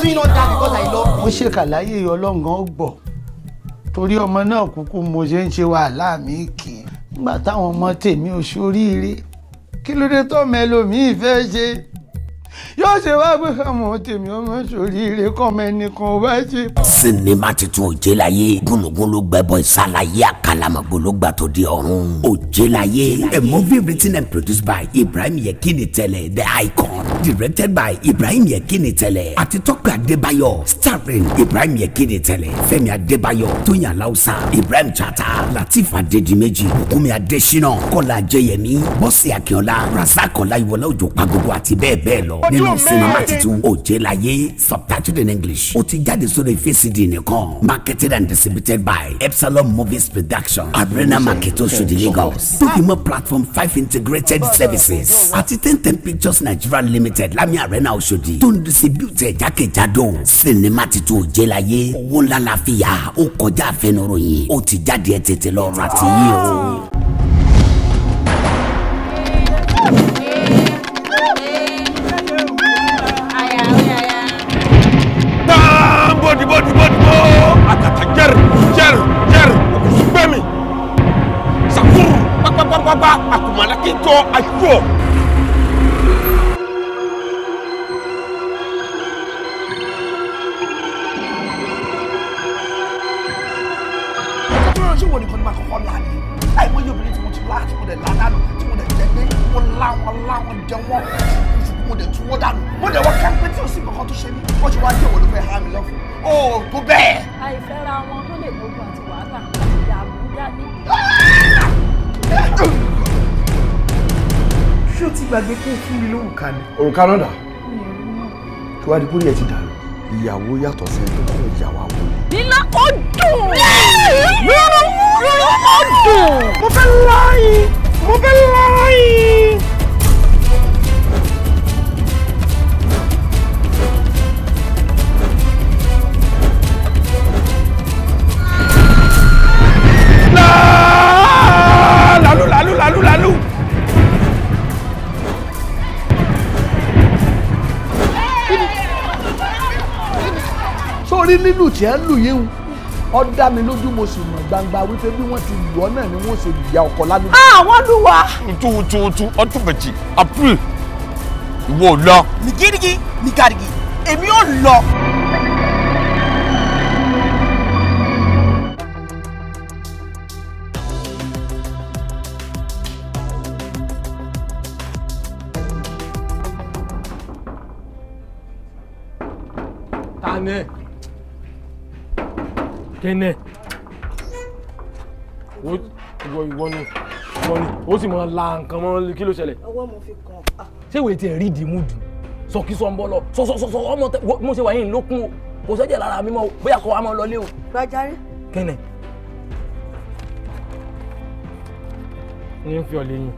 being under because I love you. mo ṣe kàláyé ọlọ́ngàn gbọ̀ torí ọmọ náà kúkú mo ṣe ń ṣe wàhálà mi kì í nígbà táwọn ọmọ tèmi ò ṣoríire kí ló dé tọ́ mẹ́lòmíì fẹ́ ṣe yóò ṣe wá pé ọmọ tèmi ọmọ sórí ire kọ́mọ ẹnìkan wá ṣe. sinimá titun òjèláyé gúnugún ló gbẹbọ ìsàlàyé àkàlàmọ̀gbò ló gbà tó di ọ̀run òjèláyé a movie written and produced by Ibrahim Yekini Tele the icon directed by Ibrahim Yekini Tele àti Tọ́pẹ́ Adébáyọ̀ starring Ibrahim Yekini Tele Fẹ́mi Adébáyọ̀ Tóyìn Aláùsá Ibrahim Chata Latif Adédìméjì Bùkúnmi Adésínà Kọ́lá Ajẹ́yẹmí Bọ́sẹ̀ Akínọlá Razak Ọláyíwọlá Òjó Pagogo àti bẹ́ẹ̀ bẹ́ẹ̀ lọ nínú sinimá titun òjé láyé subtitled in english ó ti jáde sórí vcd nìkan marketed and distributed by epsilon movies production arena market Oṣòdì lagos tókìmọ̀ platform five integrated services àti ten ten pictures nigeria limited lámì arena Oṣòdì tó ń distribute jákèjádò sinimá titun òjé láyé owó ńlá la fi yà ó kọjá àfẹnuròyìn ó ti jáde ẹ̀ tètè lọ ra ti yí o. papapapa akumalaki tɔ atsɔ. ṣé wo nìkan ni màá kọ́kọ́ la ni láì mọ iye obìnrin tí mo ti lá mo dẹ̀ lá dànù tí mo dẹ̀ jẹ pé mo lá wọn lá mo dẹ̀ tú wọn dànù mo dẹ̀ wọ́n ká tí o sì kankan tó ṣe mí wọ́n ti wá dé òwò ló fẹ́ há mi lọ́fù ó tó bẹ́ẹ̀. àìfẹ́ra wọn tó lè gbógun àti wàhálà àti àbújá ní ṣé o ti gbàgbé kó fún mi lórúkà ni. òrùka náà dà kí wàá di kúrò yẹn ti dà ìyàwó yàtọ̀ sí ẹni tó kọ́ ìyàwó àwọn nílá ó dùn. rírun ó dùn. mo fẹ́ láàyè mo fẹ́ láàyè. torí lílù tí ẹ ń lù yín ó dá mi lójú mo sì mọ̀ gbangba wípé bí wọ́n ti lù ọ́ náà ni wọ́n ṣe ìyá ọkọ lálùbọ̀. àwọn ah, lù wá. tuutuutu ọtún bẹ̀tì april ìwọ ò lọ. nìgídìgí nìgàdìgí èmi ò lọ. kẹ́nẹ̀ ìwọ ìwọ ni ìwọ ni ó sì máa la nǹkan mọ́ kí ló ṣẹlẹ̀. ọwọ́ mo fi kàn. ṣé ìwé tiẹ̀ rí ìdìmú dùn sọkí sọ ń bọ́ lọ sọsọsọsọ ọmọ tẹ mo ṣe wà yín lókun o kò sẹ́jẹ̀ lára mi mọ́ o bóyá kò wá mọ́ lọlé o. rọjárí. kẹ́nẹ̀. ní fi ọ̀lẹ́ yín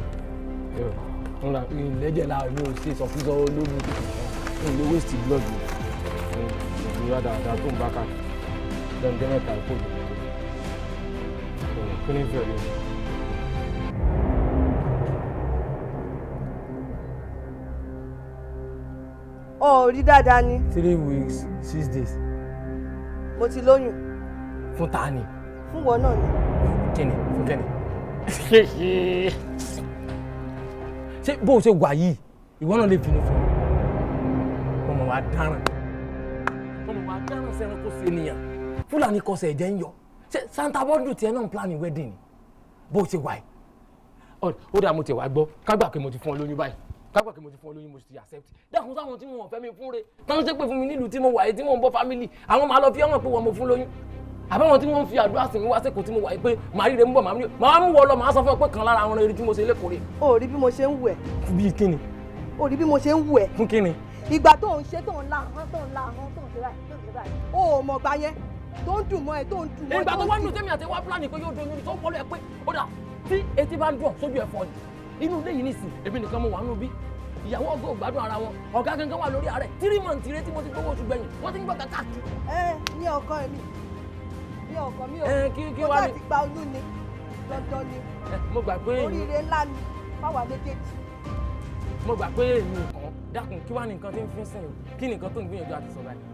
nra ìlẹ́jẹ̀ la mi ò ṣe sọkí sọ olóògùn ìlú waste blood o ìlú rádàrádà tó ń bá káàkiri lọ́njọ́ mẹ́ta kò lè tó kí ni fẹ́ rí o. ọ ò rí dáadáa ni. three weeks six days. mo ti lóyún. fún ta ni. fún wọn náà ni. kíni fún kíni. ṣé bó o ṣe wà yìí ìwọ náà lè bínú fún mi. ọmọ wa dáràn ọmọ wa dáràn sẹ́ran kó ṣe nìyàn fúlàní kọsẹ̀ ẹ̀jẹ̀ ń yọ ṣé santa bọ́ndù tiẹ̀ náà ń plan wedding bó ti wà yìí. ó dà mo ti wá gbọ́ kágbà pé mo ti fún ọ lóyún báyìí kágbà pé mo ti fún ọ lóyún mo ti accept dákun sáwọn tí wọn fẹ́ mi fún re táwọn ṣépè fún mi nílùú tí mo wà yìí tí mò ń bọ́ family àwọn máa lọ fi ọ̀ràn pé wọn mo fún lóyún àbẹ̀wọ̀n tí wọ́n fi àdúrà sí mi wá sẹ́kọ̀ọ́ tí mo wà yìí pé màá rire ń bọ̀ màá mú wọ lọ màá sọ fún ọ o rí bí mo ṣe ń o rí bí mo ṣe ń wù ẹ́. fún kíni. ìgbà tó ń ṣe tó ń la hán tó ń tó ń dùn mọ́ ẹ tó ń dùn mọ́ ẹ. ìgbà tó wá nù tẹ́mi àti wá pílánì pé yóò doyún tó wọlé ẹ pé ó dà tí etí bá ń dùn sójú ẹ fọ ni inú ilé yìí nìsín èmi nìkan mo wà nù bí ìyàwó ọgọ ògbádùn ara wọn ọgá gangan wà lórí ààrẹ tírí mọ̀ ntiré tí mo ti gbowó oṣù gbẹ̀yìn wọ́n ti ń gbọ́dọ̀ káàkiri. ẹ ní ọkọ mi ní ọkọ mi ò mo bá ti gba oyún ni dandan ni mo gbà pé oríire ńlá ni fáwa méjèèjì. mo gbà pé èmi kan dákun kí wàá ní nǹkan tí ń fi ń sìn o kí nìkan tó ń gbìyànjú àti sọ̀rọ̀ yìí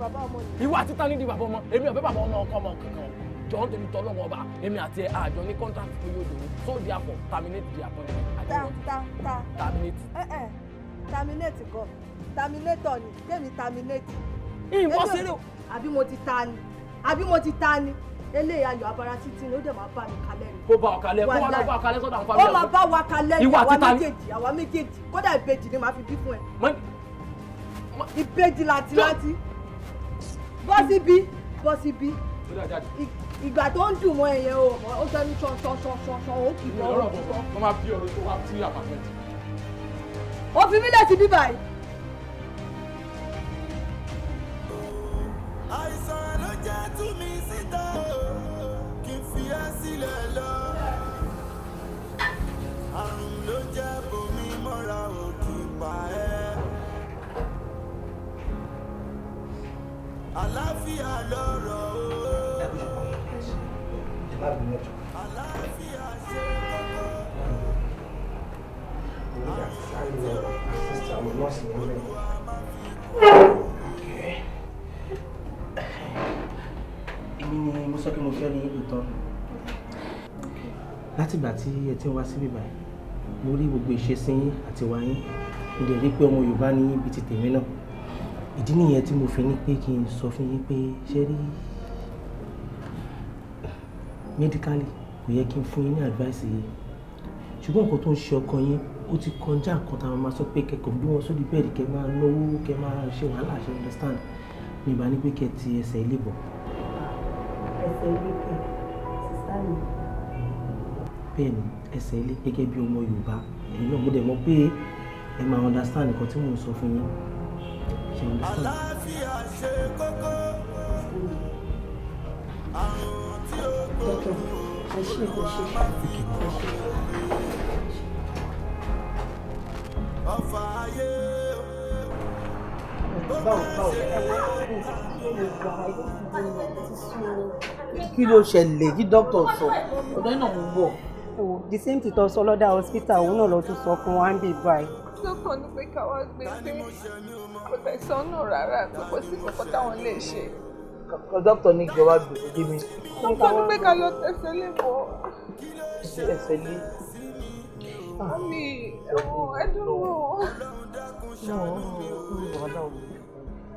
bàbá ọmọ ni. ìwà títa ní di bàbá ọmọ èmi ọ̀fẹ́ bàbá ọmọ ọkọ ọmọ kankan jọ̀ọ́ nítorí tọ́ lọ́wọ́ ọba èmi àti ẹ̀ àjọ ní contract tó yóò dòwó so therefore terminate the appointment. ta ta ta terminate. ẹ ẹ terminate kọ terminator ni kémi terminate. ìwọ ṣeré o. àbí mo ti ta ni àbí mo ti ta ni eléyà ayọ̀ abara títí ni ó dẹ̀ máa bá mi kalẹ̀ ni. kó bá ọ kalẹ̀ kó wá bá ọ kalẹ̀ sọ́dọ̀ àwọn fámìlì. ó máa bá wa kalẹ̀ ni àwa méjèèjì àwa méjèèjì kódà ìbejì ni màá fi bí fún ẹ. ìbejì láti bọ́ sí bí bọ́ sí bí ìgbà tó ń dùn mọ́ ẹ̀yẹ o ó sẹ́nu ṣọṣọṣọṣọ ó kì í bọ́ ọ̀rọ̀ tó wọ́n máa bí ọ̀rọ̀ tó wá sí àpàtẹ́ǹtì. òfin mi lè ti bí báyìí. àìsàn ló jẹ́ tú mi síta kí n fi ẹ́ sílẹ̀ lọ. látìgbà tí ẹ ti ń wá síbí báyìí mo rí gbogbo ìṣesí yín àti wá yín mo dẹ̀ rí pé ọmọ Yorùbá ní ibi ti tèmi náà ìdí nìyẹn tí mo fi ní pé kí n sọ fún yín pé ṣé rí mẹ́díkálì kò yẹ kí n fún yín ní àdváìsì yìí ṣùgbọ́n nǹkan tó ń ṣe ọkàn yín ó ti kọjá nǹkan tá a máa sọ pé kẹkọọ bí wọn sódì bẹ́ẹ̀ kẹ máa náwó kẹ máa ṣe wàhálà ṣe understand mi ìbá ní pé kẹ ti ẹsẹ̀ ilé bọ̀. ẹsẹ̀ ilé kẹ sísá mi bẹ́ẹ̀ ni ẹsẹ̀ ilé gẹ́gẹ́ bí ọmọ Yorùbá ẹ̀yin náà mo dẹ̀ mọ̀ pé ẹ máa understand nǹkan tí mò sọ fún yín ṣe understand. àlàáfíà ṣe kókó àrùn tí ó gbòòrò owó máa fi kọ́ ọ̀fà ayé kí ló ṣẹlẹ̀ kí dókítà sọ ọ̀dọ́ náà mo bọ̀ so the same tìtọ́ sọlọ́dà hospital òun náà ló tún sọ fún wa ń bì báyìí. lọ́kàn ni pé káwá gbé pé kò tẹ̀sán náà rárá tó kò sí kókó táwọn lè ṣe. kọ dókítà ní ìjọba gbèdé mi. lọ́kàn ni pé ká lọ tẹ̀sẹ̀ lè bọ̀. ẹsẹ̀ lé. mami ẹ̀wọ̀n ẹ̀dùn wò.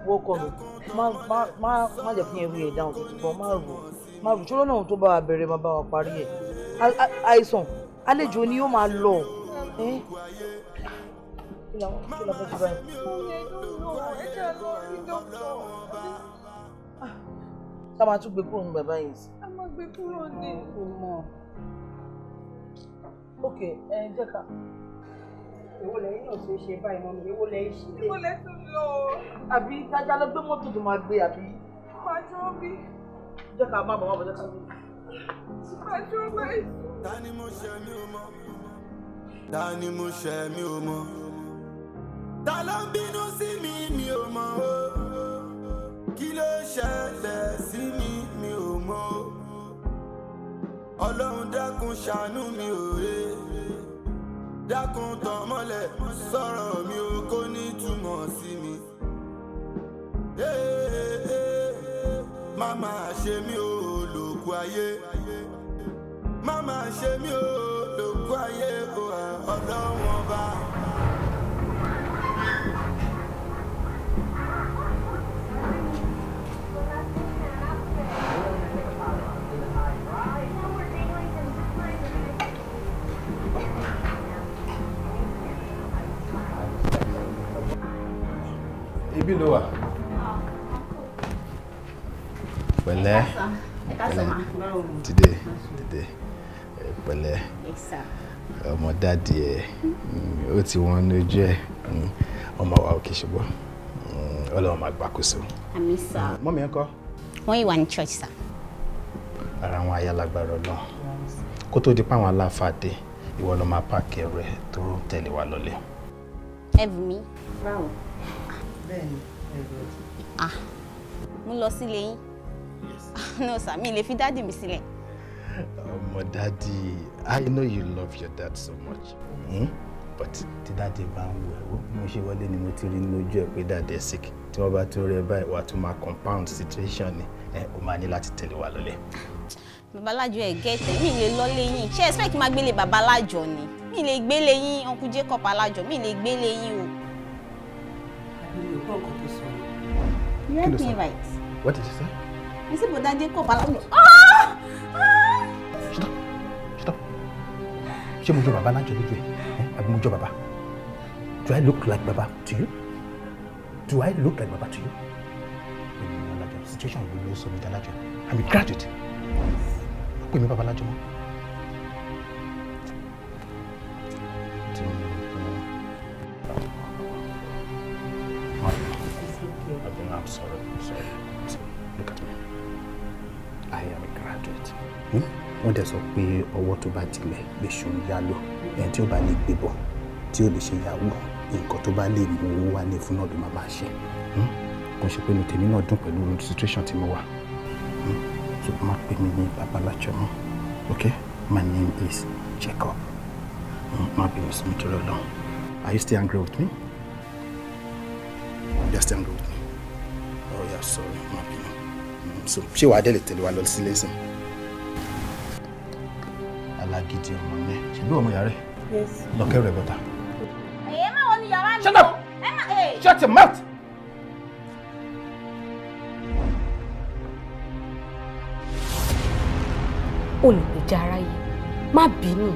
wọ́n kọ́ mi má jẹ́ kí n rí ẹ̀ dáhùn tuntun kan má rò má rò ṣọlọ́nà tó bá a bẹ̀rẹ̀ má bá wa parí ẹ̀ àìsàn àlejò ni yóò máa lọ. ká máa tún gbé kúrò ní bàbá yìí. a máa gbé kúrò ní. kò mọ. ok ẹ jẹ́ ká. èwo lẹ́yìn náà tó ṣe báyìí mọ́ mi èwo lẹ́yìn ṣe. èwo lẹ́yìn tó lọ. àbí dájá ló gbé mọ́tò tó máa gbé àbí. máa jọ bí. jẹ́ ká má bọ̀ wá bọ̀ jẹ́ ká bí ta ni mo ṣe mi ò mọ̀ ta ni mo ṣe mi ò mọ̀ ta ló ń bínú sí mi mi ò mọ̀ o kí ló ṣẹlẹ̀ sí mi mi ò mọ̀ o ọlọ́run dákun ṣàánú mi ò rè e. dákun tàn mọ́lẹ̀ sọ̀rọ̀ mi ò kó ní túmọ̀ sí mi. Hey, hey, e. mama ṣe mi ò. ayé má máa ṣe mí o ayé o ló wà. dìde dìde pẹ̀lẹ́ ọmọ dáàdi ẹ mm, ó ti wọn lójú ẹ mm, ọmọ wa òkè ṣùgbọ́n mm, ọlọ́run máa gbàkóso. àmín sá. mọ́mí ẹ kọ́. wọ́n ìwà ní church sá. ara wọn ayálagbára ọlọ́run kó tó di páwọn aláfáà dé ìwọ ló máa pààkì ẹrù ẹ tó tẹ̀lé wa lọlé. ẹ̀bùn mi. báwo ah, bẹ́ẹ̀ ni ẹ̀rọ. Ah, mo lọ sílé yín. no sir mi lè fi dáàdì mi sílẹ̀. My daddy, i know you love your dad so much hmm? but the daddy bá ń wo ẹ̀wọ́ mo ṣe wọlé ni mo ti rí lójú ẹ̀ sick To wọ́n bá tó rẹ báyìí wàá compound situation ni ẹ o máa ní láti tẹ̀lé wa lọ́lẹ̀. babalájọ ẹ gẹ̀ẹ́tẹ̀ mi lè lọ lẹ́yìn ṣé ẹ expect máa gbélé babalájọ ni Me le gbélé yín uncle Jacob alájọ Me le gbélé yín you heard me right. what did you say? èsì bọ̀dá jẹ́ kọ̀ bàlá ọ̀nà. Oh. ṣùtọ́ ṣé mo jọ bàbá lájọ lójú ẹ àbí mo jọ bàbá do I look like bàbá to you do I look like bàbá to you èmi ni alájọ situation yìí ló sọ mi dá lájọ I'm a graduate pè mí bàbá lájọ mọ́. I'm sorry. I'm sorry. wọ́n dẹ̀ sọ pé ọwọ́ tó bá tilẹ̀ lè ṣòro yálò ẹni tí ó bá lè gbé bọ̀ tí ó lè ṣe ìyàwó nǹkan tó bá lè mú owó wálé fún náà ló máa ṣe hmm? kò ṣe pé ní tèmi náà dùn pẹ̀lú situation tí mo wà hmm? so má pè mí ní babalájọ mọ́ hmm? ok my name is Jacob má bínú sí mi torí Ọlọ́run are you still angry with me you are still angry with me oh yeah sorry má bínú so ṣé wàá délé tẹ̀lé wa lọ sílé sìn alágídí ọmọ mi ṣègbè ọmọ yàrá lọkẹ rẹ bọta. èyí máa wọ ni yàrá mi. shut up eh. shut your mouth. olùgbèjà aráyé má bínú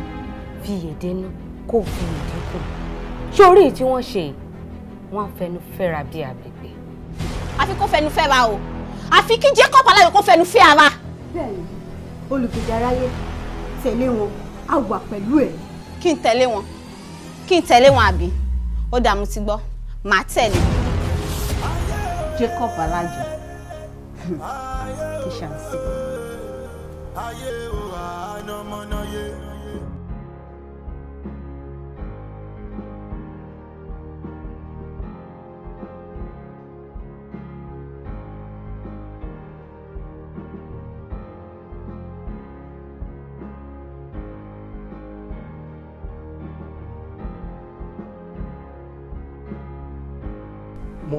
fi èdè nú kó fi èdè kù ṣé orí tí wọ́n ṣe wọ́n fẹnu fẹ́ra bíi àbẹ̀gbé. àfi kó fẹnu fẹ́ra o àfi kí Jacob aláyọ̀ kó fẹnu fẹ́ ara. bẹ́ẹ̀ni olùgbèjà aráyé tẹ̀lé wọn á wà pẹ̀lú ẹ̀. kí n tẹ̀lé wọn kí n tẹ̀lé wọn àbí ó dà mo ti gbọ́ màá tẹ̀lé. Jacob Alájọ kì í ṣàǹsì. ayé o àánú mọ́nà.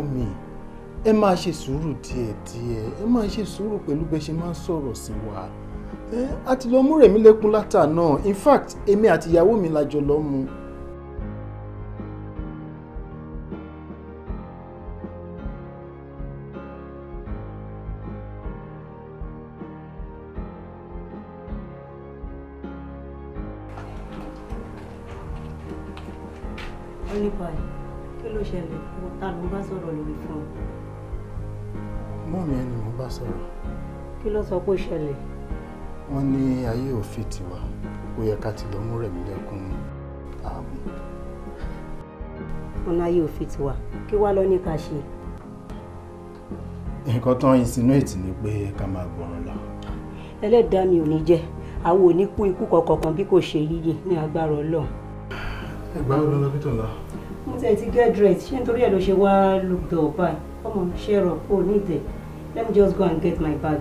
mọ́mì ẹ máa ṣe sùúrù díẹ̀díẹ̀ ẹ máa ṣe sùúrù pẹ̀lú bẹ́ẹ̀ ṣe máa ń sọ̀rọ̀ sí wa a ti lọ mú rèmí lẹ́kún látà náà in fact èmi àti ìyàwó mi la jọ lọ mu. sọ pé ó ṣẹlẹ̀. wọ́n ní ayé òfin tiwa ó yẹ ká ti lọ mú rẹ̀mí lẹ́kún ààbò. wọ́n ní ayé òfin tiwa kí wàá lọ ní ká ṣe. nǹkan tán insinuate ni pé ká máa gbọ́ràn lọ. ẹlẹ́dàá mi ò ní jẹ́ àwọn ò ní kú ikú kọ̀ọ̀kan bí kò ṣe yíyẹ ní agbára ọlọ́run. ẹgbàá wo ló lọ bítọ̀ la. mo tẹ̀ ti get dress ṣé nítorí ẹ̀ ló ṣe wá look the ọ̀bá ọmọ ṣe rọ̀ o ní ìtẹ̀ let me just go and get my bag.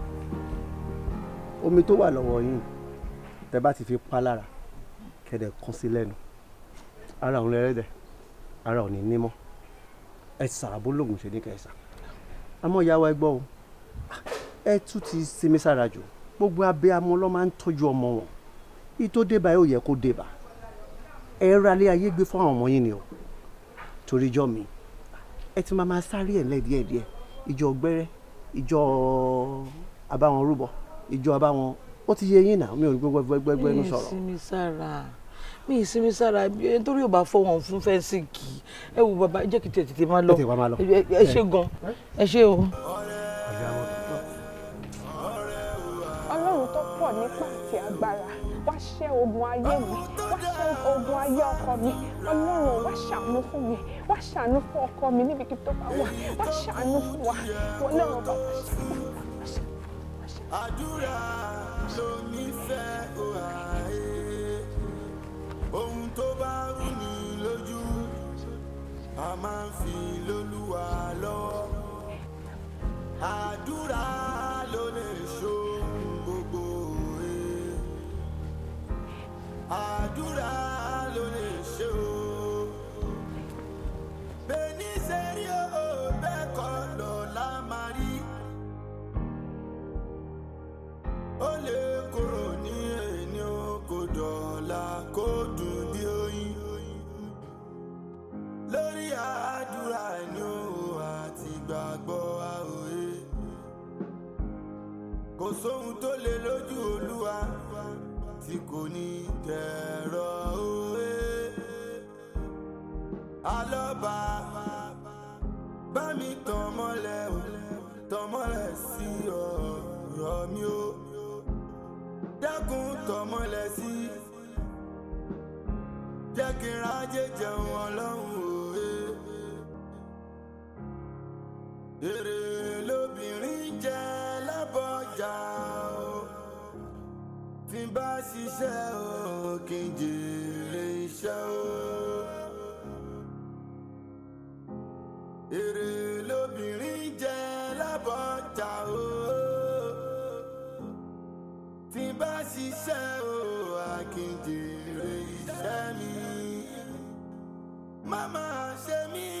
omi tó wà lọ́wọ́ yín tẹ bá ti fi pa lára kẹ̀dẹ̀ kún sí lẹ́nu ara òun lẹ́rẹ́dẹ̀ ara òun ní nímọ́ ẹ sàràbó lògùn ṣe ní kẹsà àmọ́ ìyàwó ẹ gbọ́ o ẹ tún ti sinmi sára jù gbogbo abiyamọ ló máa ń tọ́jú ọmọ wọn ìtò débà yóò yẹ kó débà ẹ ralé ayé gbé fún àwọn ọmọ yín ni o torí jọ mi ẹ ti máa máa sáré ẹ̀ lẹ́díẹ̀díẹ̀ ìjọ gbẹ́rẹ́ ìjọ abáwọn rúbọ ìjọba wọn ó ti yé yín náà mi ò ní gbogbo ẹgbẹgbẹ inú sọ̀rọ̀. mi ìsinmi sára mi ìsinmi sára nítorí òbá fọwọ́n fún fẹ́ǹsì kì í ẹ wo bàbá jẹ́ kí tètè máa lọ ẹ ṣe gan ẹ ṣe o. ọlọ́run tó pọ̀ nípa àti agbára wá ṣẹ́ ogun ayé mi wá ṣẹ́ ogun ayé ọkọ mi ọlọ́run wá ṣàánú fún mi wá ṣàánú fún ọkọ mi níbi kí tó bá wà wá ṣàánú fún wa ọlọ́run bá wá ṣàánú fún wa àdúrà ló nífẹ̀ẹ́ òhàyè ohun tó bá rú ni lójú a máa ń fi lólúwa lọ́wọ́ àdúrà ló lè ṣohun gbogbo òye àdúrà. ó lè kúrò ní ẹni o dọ̀la kó dùn bí oyin lórí àdúrà ni o àti gbàgbọ́ àwòrán kò sóhun tó lè lójú olúwa tí kò ní dẹ̀rọ̀ òwe alọ́ba bá mi tàn mọ́lẹ̀ o tàn mọ́lẹ̀ sí ọ̀rọ̀ mi o dákun tọmọlẹ̀ sí jẹ́ kí n rájẹ jẹun ọlọ́run òye. èrè lóbìnrin jẹ́ lábọ́jà o fi bá ṣiṣẹ́ o kí n jèrè iṣẹ́ o. máa ṣe mí.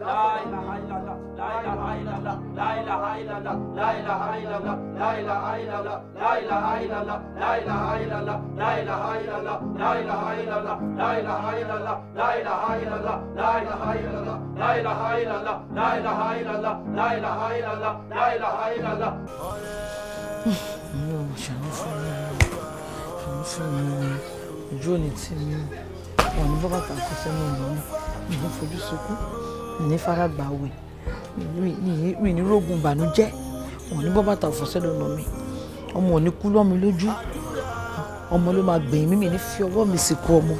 La ilahe illallah. La ilahe illallah. La ilahe illallah. La ilahe illallah. La ilahe illallah. La ilahe illallah. La ilahe illallah. La ilahe illallah. La ilahe illallah. La ilahe illallah. La ilahe illallah. La ilahe illallah. La ilahe illallah. La ilahe illallah. La ilahe illallah. La ilahe illallah. Ne olmuş anasını? Johnny ti mi? Wà ní bọ́bàtà kò sẹ́nu ìlú ní ìlú fojú sunkún. ní faragbá wẹ̀ mi ní rògùn ìbànújẹ́ wọn ní bọ́bàtà òfòsẹ́lẹ̀ ọ̀nà mi ọmọ ò ní kú lọ́mi lójú ọmọ ló máa gbẹ̀yìn mímì ní fi ọwọ́ mi sìnkú ọmọ.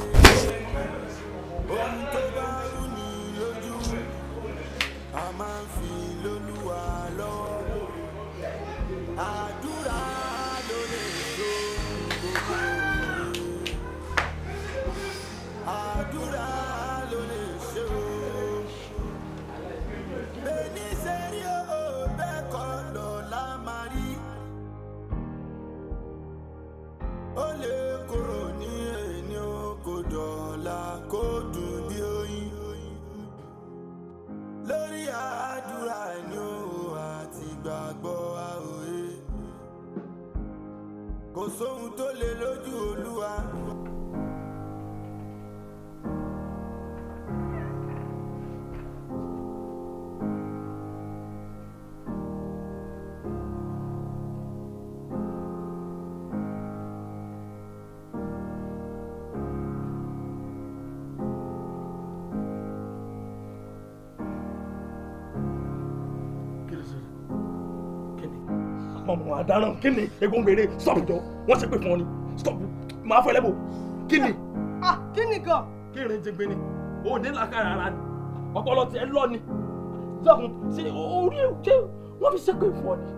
ọ̀daràn kí ni egun gbèrè stop jọ wọ́n ṣe pé fún ọ ni stop máa fọ ẹlẹ́bù kí ni. Ah, kí ni gan. kí ni ti gbé ni o ní làkàrà ara ni ọpọlọ tiẹ lọ ni jọkun ṣe orí ṣe wọ́n fi ṣe pé fún ọ ni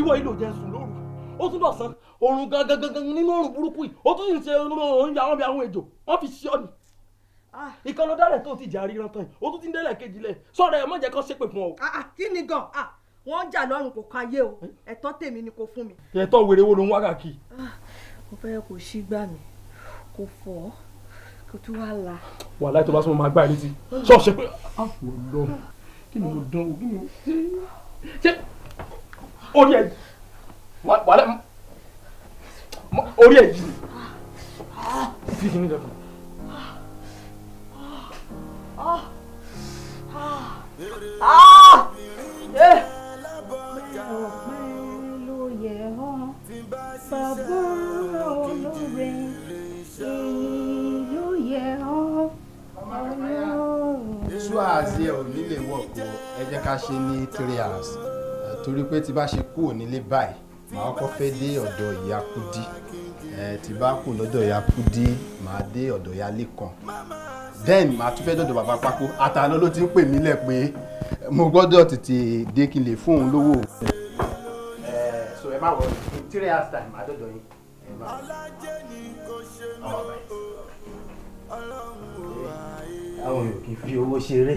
ìwọ yìí ló jẹ sùn lóru ó tún dọ̀sán oorun gangan gangan nínú oorun burúkú yìí ó tún sì ń ṣe oúnjẹ àwọn bí àwọn èjò wọ́n fi ṣe ọ ni ah. ìkànnì dálẹ̀ tó ti jà ríran tán yìí ó tún ti ń délẹ̀ kejì lẹ̀ sọ̀rọ̀ ẹ̀ mọ̀jẹ̀ kan ṣépè fún ọ. Ah, kí ni gan wọ́n jà lọ́rùn kò kan ayé o ẹ̀tọ́ tèmi ni kò fún mi. ẹ̀tọ́ wèrè wo ló ń wá kàkì. Ah, mo fẹ́ kó ṣí gbà mí kó fọ́ kó tún wá la. wàhálà tó bá sọ ma máa gbá ẹ létí ṣọ́ọ̀ṣẹ́ pé àfò ah, lọ kí ni mo dán o kí ni mo ṣe orí ẹ wàhálà orí ẹ yìí ah. fi kí ni dẹkùn. ṣe ní three hours torí pé tí bá ṣe kúrò nílé báyìí màá kọ́ fẹ́ dé ọ̀dọ̀ ìyá kúdí tí bá kù lọ́dọ̀ ìyá kúdí màá dé ọ̀dọ̀ ìyá lẹ́kan then màá tún fẹ́ dọ̀dọ̀ bàbá pákó àtàná ló ti ń pè mí lẹ̀ pé mo gbọ́dọ̀ tètè dé kí n lè fún òun lówó. so ẹ má wọ three hours time màá dọ̀dọ̀ yín ẹ má wọ. àwọn yòókì fi owó ṣeré.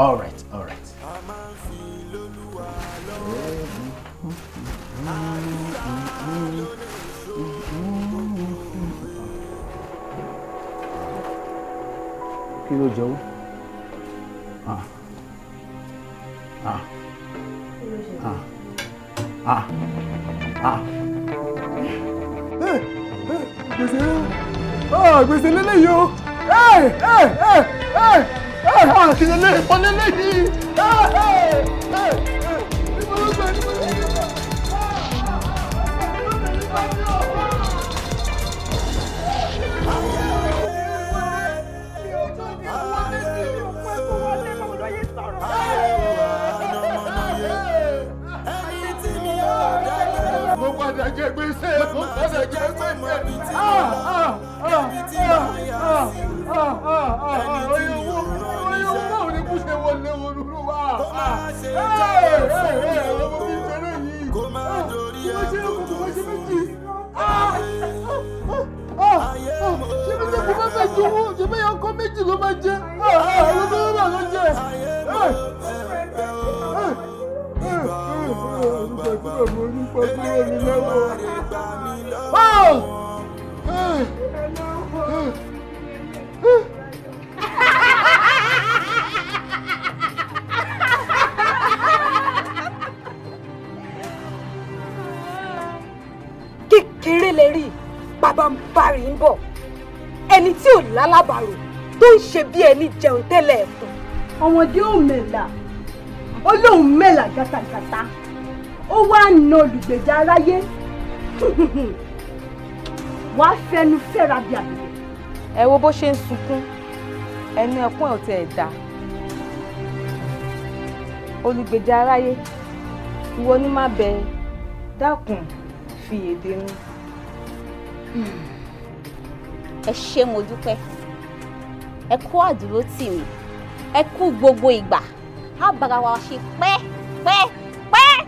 all right all right. kí ló Ah. Ah. ah ah ah you? Ah, hey, hey, hey, hey àkìlélẹ̀ ìpọ́nlélẹ̀ yìí. padà jẹ gbèsè mo padà jẹ gbèsè. ẹni tí mo yà sí ẹni tí mo yà sí ẹni tí mo yà sí ayé ọlọ́run ni ṣe wọlé olúwa. kó máa ṣe jáde fún mi kó máa dorí àbúrò ṣebí tí kò bá fẹ́ jowó ṣebí yẹn kọ́ méjì ló máa jẹ ló tó wà ló jẹ. Báwo! bámbárí ń bọ̀ ẹni tí ò lálábàárò tó ń ṣe bí ẹni jẹun tẹ́lẹ̀ ẹ̀fọn. ọmọdé ò mẹ́la ó lóun mẹ́la gàtàgàtà ó wá na olùgbèjà aráyé wọ́n á fẹnu fẹ́ra bí àbẹ̀wò. ẹ wo bó ṣe ń sunkún ẹnu ẹkún ẹ̀ ò tẹ̀ ẹ̀ dá olùgbèjà aráyé ìwọ ni má bẹ dákun fi èdè nu ẹ ṣé mo dúpẹ́ ẹ kú àdúró tì mí ẹ kú gbogbo ìgbà á bára wa ṣe pẹ́ pẹ́ pẹ́.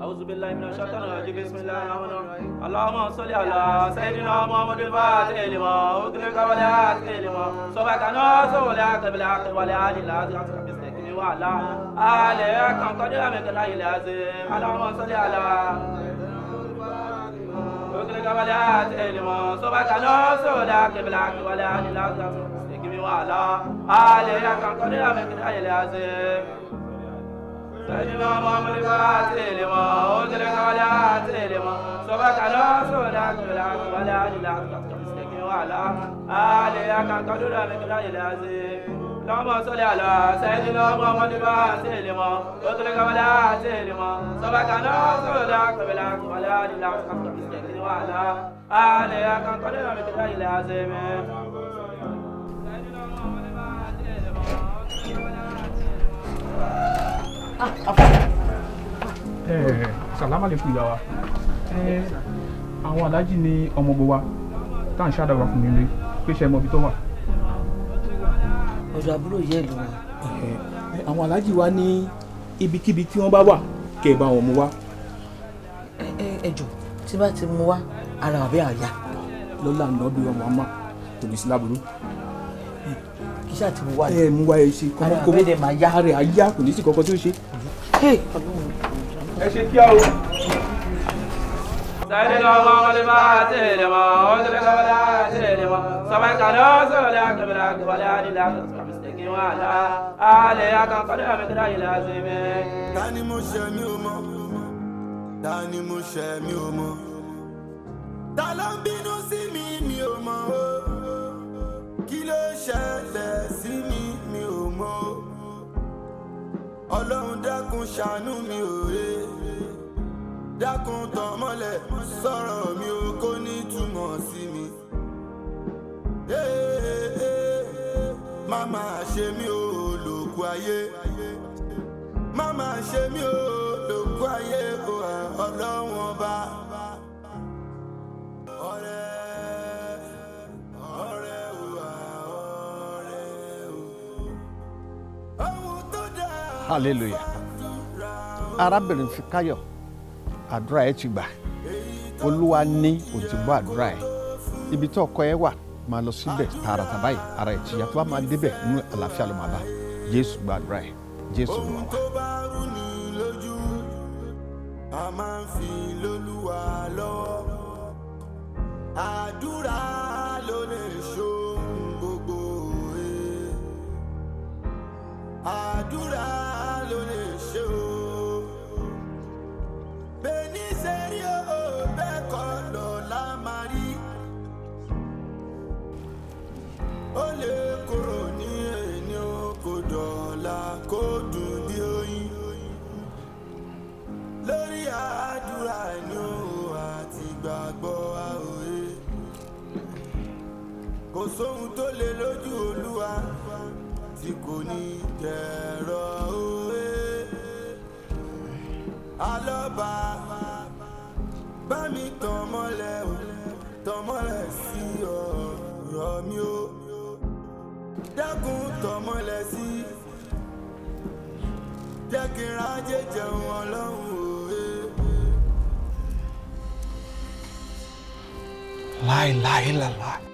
أعوذ بالله من الشيطان الرجيم بسم الله الرحمن الرحيم اللهم صل على سيدنا محمد الفاتح لما أغلق والعاتق لما سبق ناصر والعاقب العاقب والعالي العاقب بسنك وعلى آله كم قدر من كلاهي العظيم اللهم صل على أغلق والعاتق لما سبق ناصر والعاقب العاقب والعالي العاقب بسنك وعلى آله كم قدر من كلاهي العظيم Tajima mamulka tilima, udrika la tilima, sobakana soda kula wala ila kastaki wala aliya kan kadura mikla ilazim. اللهم صل على سيدنا محمد وسلم واترك ولا سلم سبقنا صلاك بلاك ولا لله حق مسكين وعلى عليك قد رمك الى عزيم سيدنا محمد وسلم واترك ولا سلم sàlámà lè kú ìyá wa eh, àwọn aláàjì ni ọmọ gbogbo wa tá à ń ṣàdàwà fún mi rí pé ṣe mọ ibi tó wà. ọ̀dọ̀ àbúrò yẹ́ ìlú wa. àwọn aláàjì wa ní ibikíbi tí wọ́n bá wà kẹ́ ẹ̀ bá wọn mú wá. Eh, eh, ẹjọ tí bá ti mú wá ara àbẹ́ àyà. lọ́la nọ́bí ọmọ ọmọ kò ní sí láburú. kí sáà ti mú wá. ẹ mú wá ẹ ṣe ara àbẹ́ dẹ̀ máa yá. ara àyà kò ní sí kọ́kọ́ tí ó ṣe ẹ ṣe kí a o. سيد الله لما تلما وذلك ولا تلما سبعك نوصل لك بلاك ولا لله مستقيم ولا عليك قد أمدنا إلى زمين تاني مش ميومو تاني مش ميومو تالام بينو سيمي ميومو kí ló ṣẹlẹ̀ sí. ọlọ́run dákun ṣàánú mi òye dákun tàn mọ́lẹ̀ sọ̀rọ̀ mi ò kó ní túmọ̀ sí mi. Máma ṣe mí o lòkú ayé. Máma ṣe mí o lòkú ayé o ọlọ́run ọba. Ọ̀rẹ́. hallelujah arábìnrin Fikáyọ̀ àdúrà ẹ ti gbà olúwa ní òtúbọ àdúrà ẹ ibi tí ọkọ ẹ wà máa lọ síbẹ̀ tààràtà báyìí ara ẹ tó bá máa débẹ̀ nínú àlàáfíà ló máa bá Jésù gbàdúrà ẹ Jésù ló wà tí kò ní jẹ̀rọ òwe. alọ́ba bá mi tàn mọ́lẹ̀ o tàn mọ́lẹ̀ sí ọ̀rọ̀ mi o dákun tàn mọ́lẹ̀ sí jẹ́ kí n rájẹ́ jẹun ọlọ́run òwe. láìláìlàláì.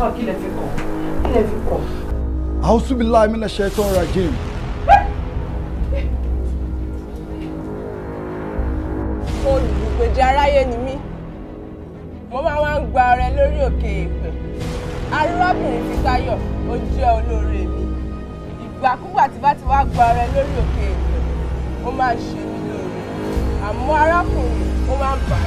tán kí lè fi kàn kí lè fi kàn. àwùsùbílà mi lè ṣe tó ń ra jim. olùgbèjì aráyé ni mí mo máa wá ń gba ọrẹ lórí òkè èpè arábìnrin Fitáyọ̀ ó jẹ́ olóore mi ìgbàkúgbà tí bá ti wá gba ọrẹ lórí òkè èpè ó máa ń ṣe mí lóore àmọ́ arákùnrin ó máa ń bà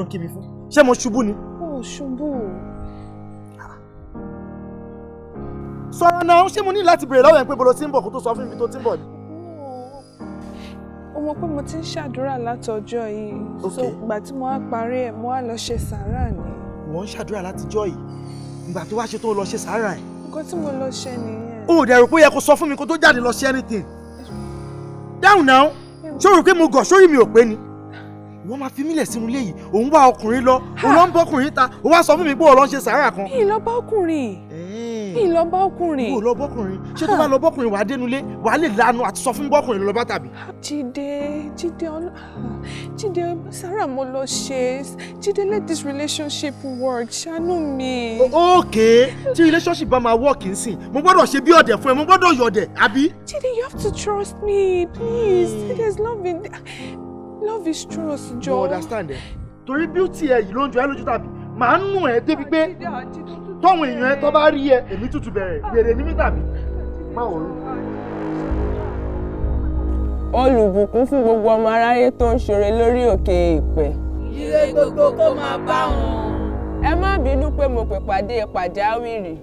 ló ń kí mi fún ṣé mo ṣubú ni. o ṣubú o. sọ̀rọ̀ náà ṣé mo ní láti béèrè lọ́wọ́ yẹn pé bolo ti ń bọ̀ kó tó sọ fún mi tó ti ń bọ̀ ni. o mọ̀ pé mo ti ń ṣàdúrà látọjọ́ yìí so ìgbà tí mo wá parí ẹ̀ mo wá lọ ṣe sàárà ni. wọ́n ń ṣàdúrà látijọ́ yìí ìgbà tó wá ṣe tó lọ ṣe sàárà ẹ̀. nǹkan tí mo lọ ṣe nìyẹn. o dẹ̀ rò pé yẹ kó sọ fún mi kó tó jáde lọ ṣe anything. dáhùn náà ṣó rò pé mo gọ̀ sórí mi ò pé ni wọ́n máa fi mílẹ̀ sínú ilé yìí òun wá ọkùnrin lọ òun lọ ń bọ́kùnrin ta òun wá sọ fún mi pé òun lọ ń ṣe sàárà kan. mi ì lọ bọ́kùnrin mi ì lọ bọ́kùnrin. mo lọ bọ́kùnrin ṣé tó bá lọ bọ́kùnrin wàá dénú ilé wàá lè lanu àti sọ fún bọ́kùnrin lọ bá tàbí. Jídé Jídé Jídé sàárà mo lọ ṣe Jídé let this relationship work ṣàánú mi. okay tí relationship bá máa work n sìn mo gbọ́dọ̀ ṣe bí ọ̀dẹ̀ fún ẹ mo gbọ́dọ̀ yọ̀dẹ̀ àbí. Jídé you have to trust me please Jídé hmm. is love is trust jọ. you understand ẹ torí beauty ẹ yìí ló ń jọ ẹ lójú tàbí màá nù ẹ débi pé tọ́wọ̀n èèyàn ẹ tó bá rí ẹ èmi tútù bẹ̀rẹ̀ wèrè ní mí tàbí má wò ó. olùbùkún fún gbogbo ọmọ aráyé tó ń ṣoore lórí òkè ìpẹ́. ire gbogbo kó máa bá wọn. ẹ má bínú pé mo pè pàdé pàjáwìrì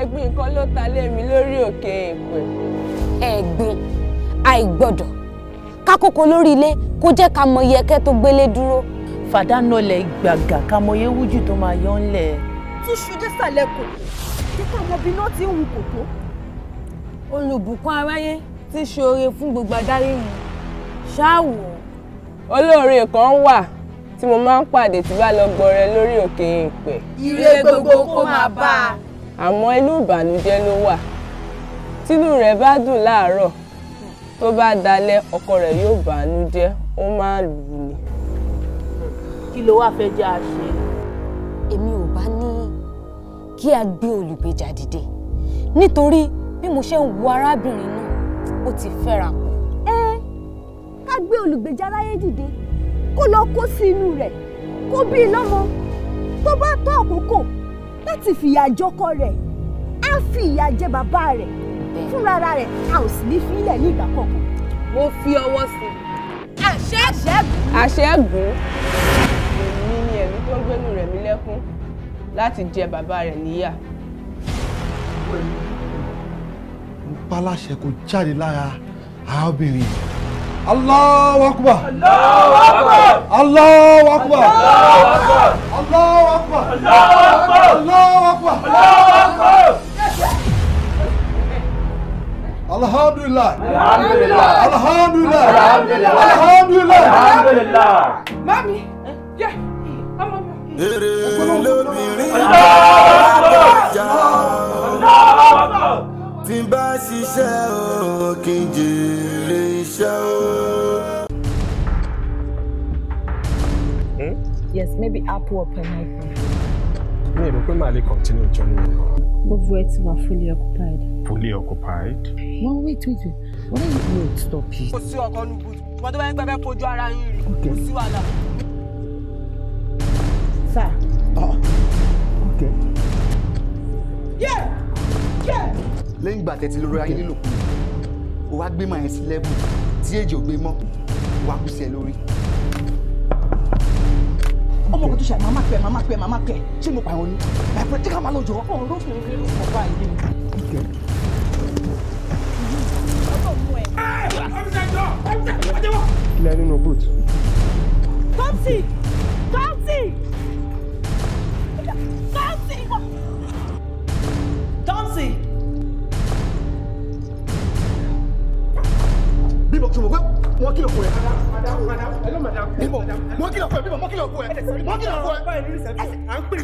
ẹ̀gbin kan ló ta lé mi lórí òkè ìpẹ́. ẹ̀gbin àìgbọ́dọ̀ kákòkò lórí ilé kó jẹ́ ká mọ iyẹ̀kẹ́ tó gbélé dúró. fàdánọlẹ̀ gbàgà ká mọ iye wújù tó máa yọ ńlẹ̀. túṣu désàlẹ̀ kò kí káwọn ọbí náà ti ń wù kò tó. olùbùkún aráyé ti ṣoore fún gbogbo adáyé mi ṣáàwò. olóore kan wà tí mo máa ń pàdé tí bá lọ gbọrẹ lórí òkè ìpẹ. ire gbogbo kó máa bá a. àmọ́ inú ìbànújẹ́ ló wà tínú rẹ̀ bá dùn láàárọ̀ tó bá dalẹ̀ ọkọ rẹ̀ yóò bàánú jẹ́ ó máa lù ú ni. kí ló wáá fẹ́ já a ṣe. èmi ò bá ní kí a gbé olùgbèjà dìde nítorí bí mo ṣe ń wo arábìnrin náà ó ti fẹ́ra kù. ẹ ká gbé olùgbèjà láyé dìde kó lọ kó sí inú rẹ̀ kó bí i lọ́mọ tó bá tó àkókò láti fìyà jọkọ rẹ̀ á fi ìyà jẹ bàbá rẹ̀ fúnra ara rẹ̀ a ò sì ní fílẹ̀ ní ìgbà kọ̀ọ̀kan. mo fi ọwọ́ sí i. àṣẹ gùn. àṣẹ gùn. èmi ni ẹ̀mí tó gbénu rẹ̀ mí lẹ́kún láti jẹ bàbá rẹ̀ níyà. mo pa láṣẹ kó jáde lára arábìnrin yìí. Allahu Akbar. Allahu Akbar. Allahu Akbar. Allahu Akbar alhamdulilah alhamdulilah alhamdulilah alhamdulilah alhamdulilah. mami jẹ ọmọ mi. èrè lóbìnrin àbájá tí n bá ṣiṣẹ́ o kí n jèrè iṣẹ́ o. Hmm? Yes, maybe apple or pineapple. mi ò rò pé màá lè continue journey. gbogbo ẹ ti wà fully occupied fully occupied. No, wait, wait, wait. Why you wait, stop it? Kò sí ọkọ nu bùtù. Mo tó bá ń gbẹ́gbẹ́ fojú ara yín rí. Kò sí wàhálà. Sir. Oh. Okay. Yeah! Yeah! Lẹ́yìn ìgbà tẹ̀tí lórí ayé nílòkulò, o wá gbé màá yẹn sí lẹ́bù tí èjì ò gbé mọ́, o wá kú sí ẹ lórí. Ọmọ kan tó ṣe àmàmà pẹ̀, màmá pẹ̀, màmá pẹ̀, ṣé mo pààyàn ni? Màá pẹ̀ tí ká máa lọ jọ. Ọ̀rọ̀ fún mi ló kọ̀ sílẹ̀ nínú boot. tọ́tì tọ́tì tọ́tì tọ́tì. bíbọ̀ tó mọ̀ pé wọ́n kìlọ̀ fún ẹ. bíbọ̀ wọ́n kìlọ̀ fún ẹ bíbọ̀ wọ́n kìlọ̀ fún ẹ wọ́n kìlọ̀ fún ẹ. à ń pè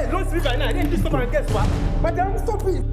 é lọ́sibí báyìí náà i didn't do so many guests wa but i am so busy.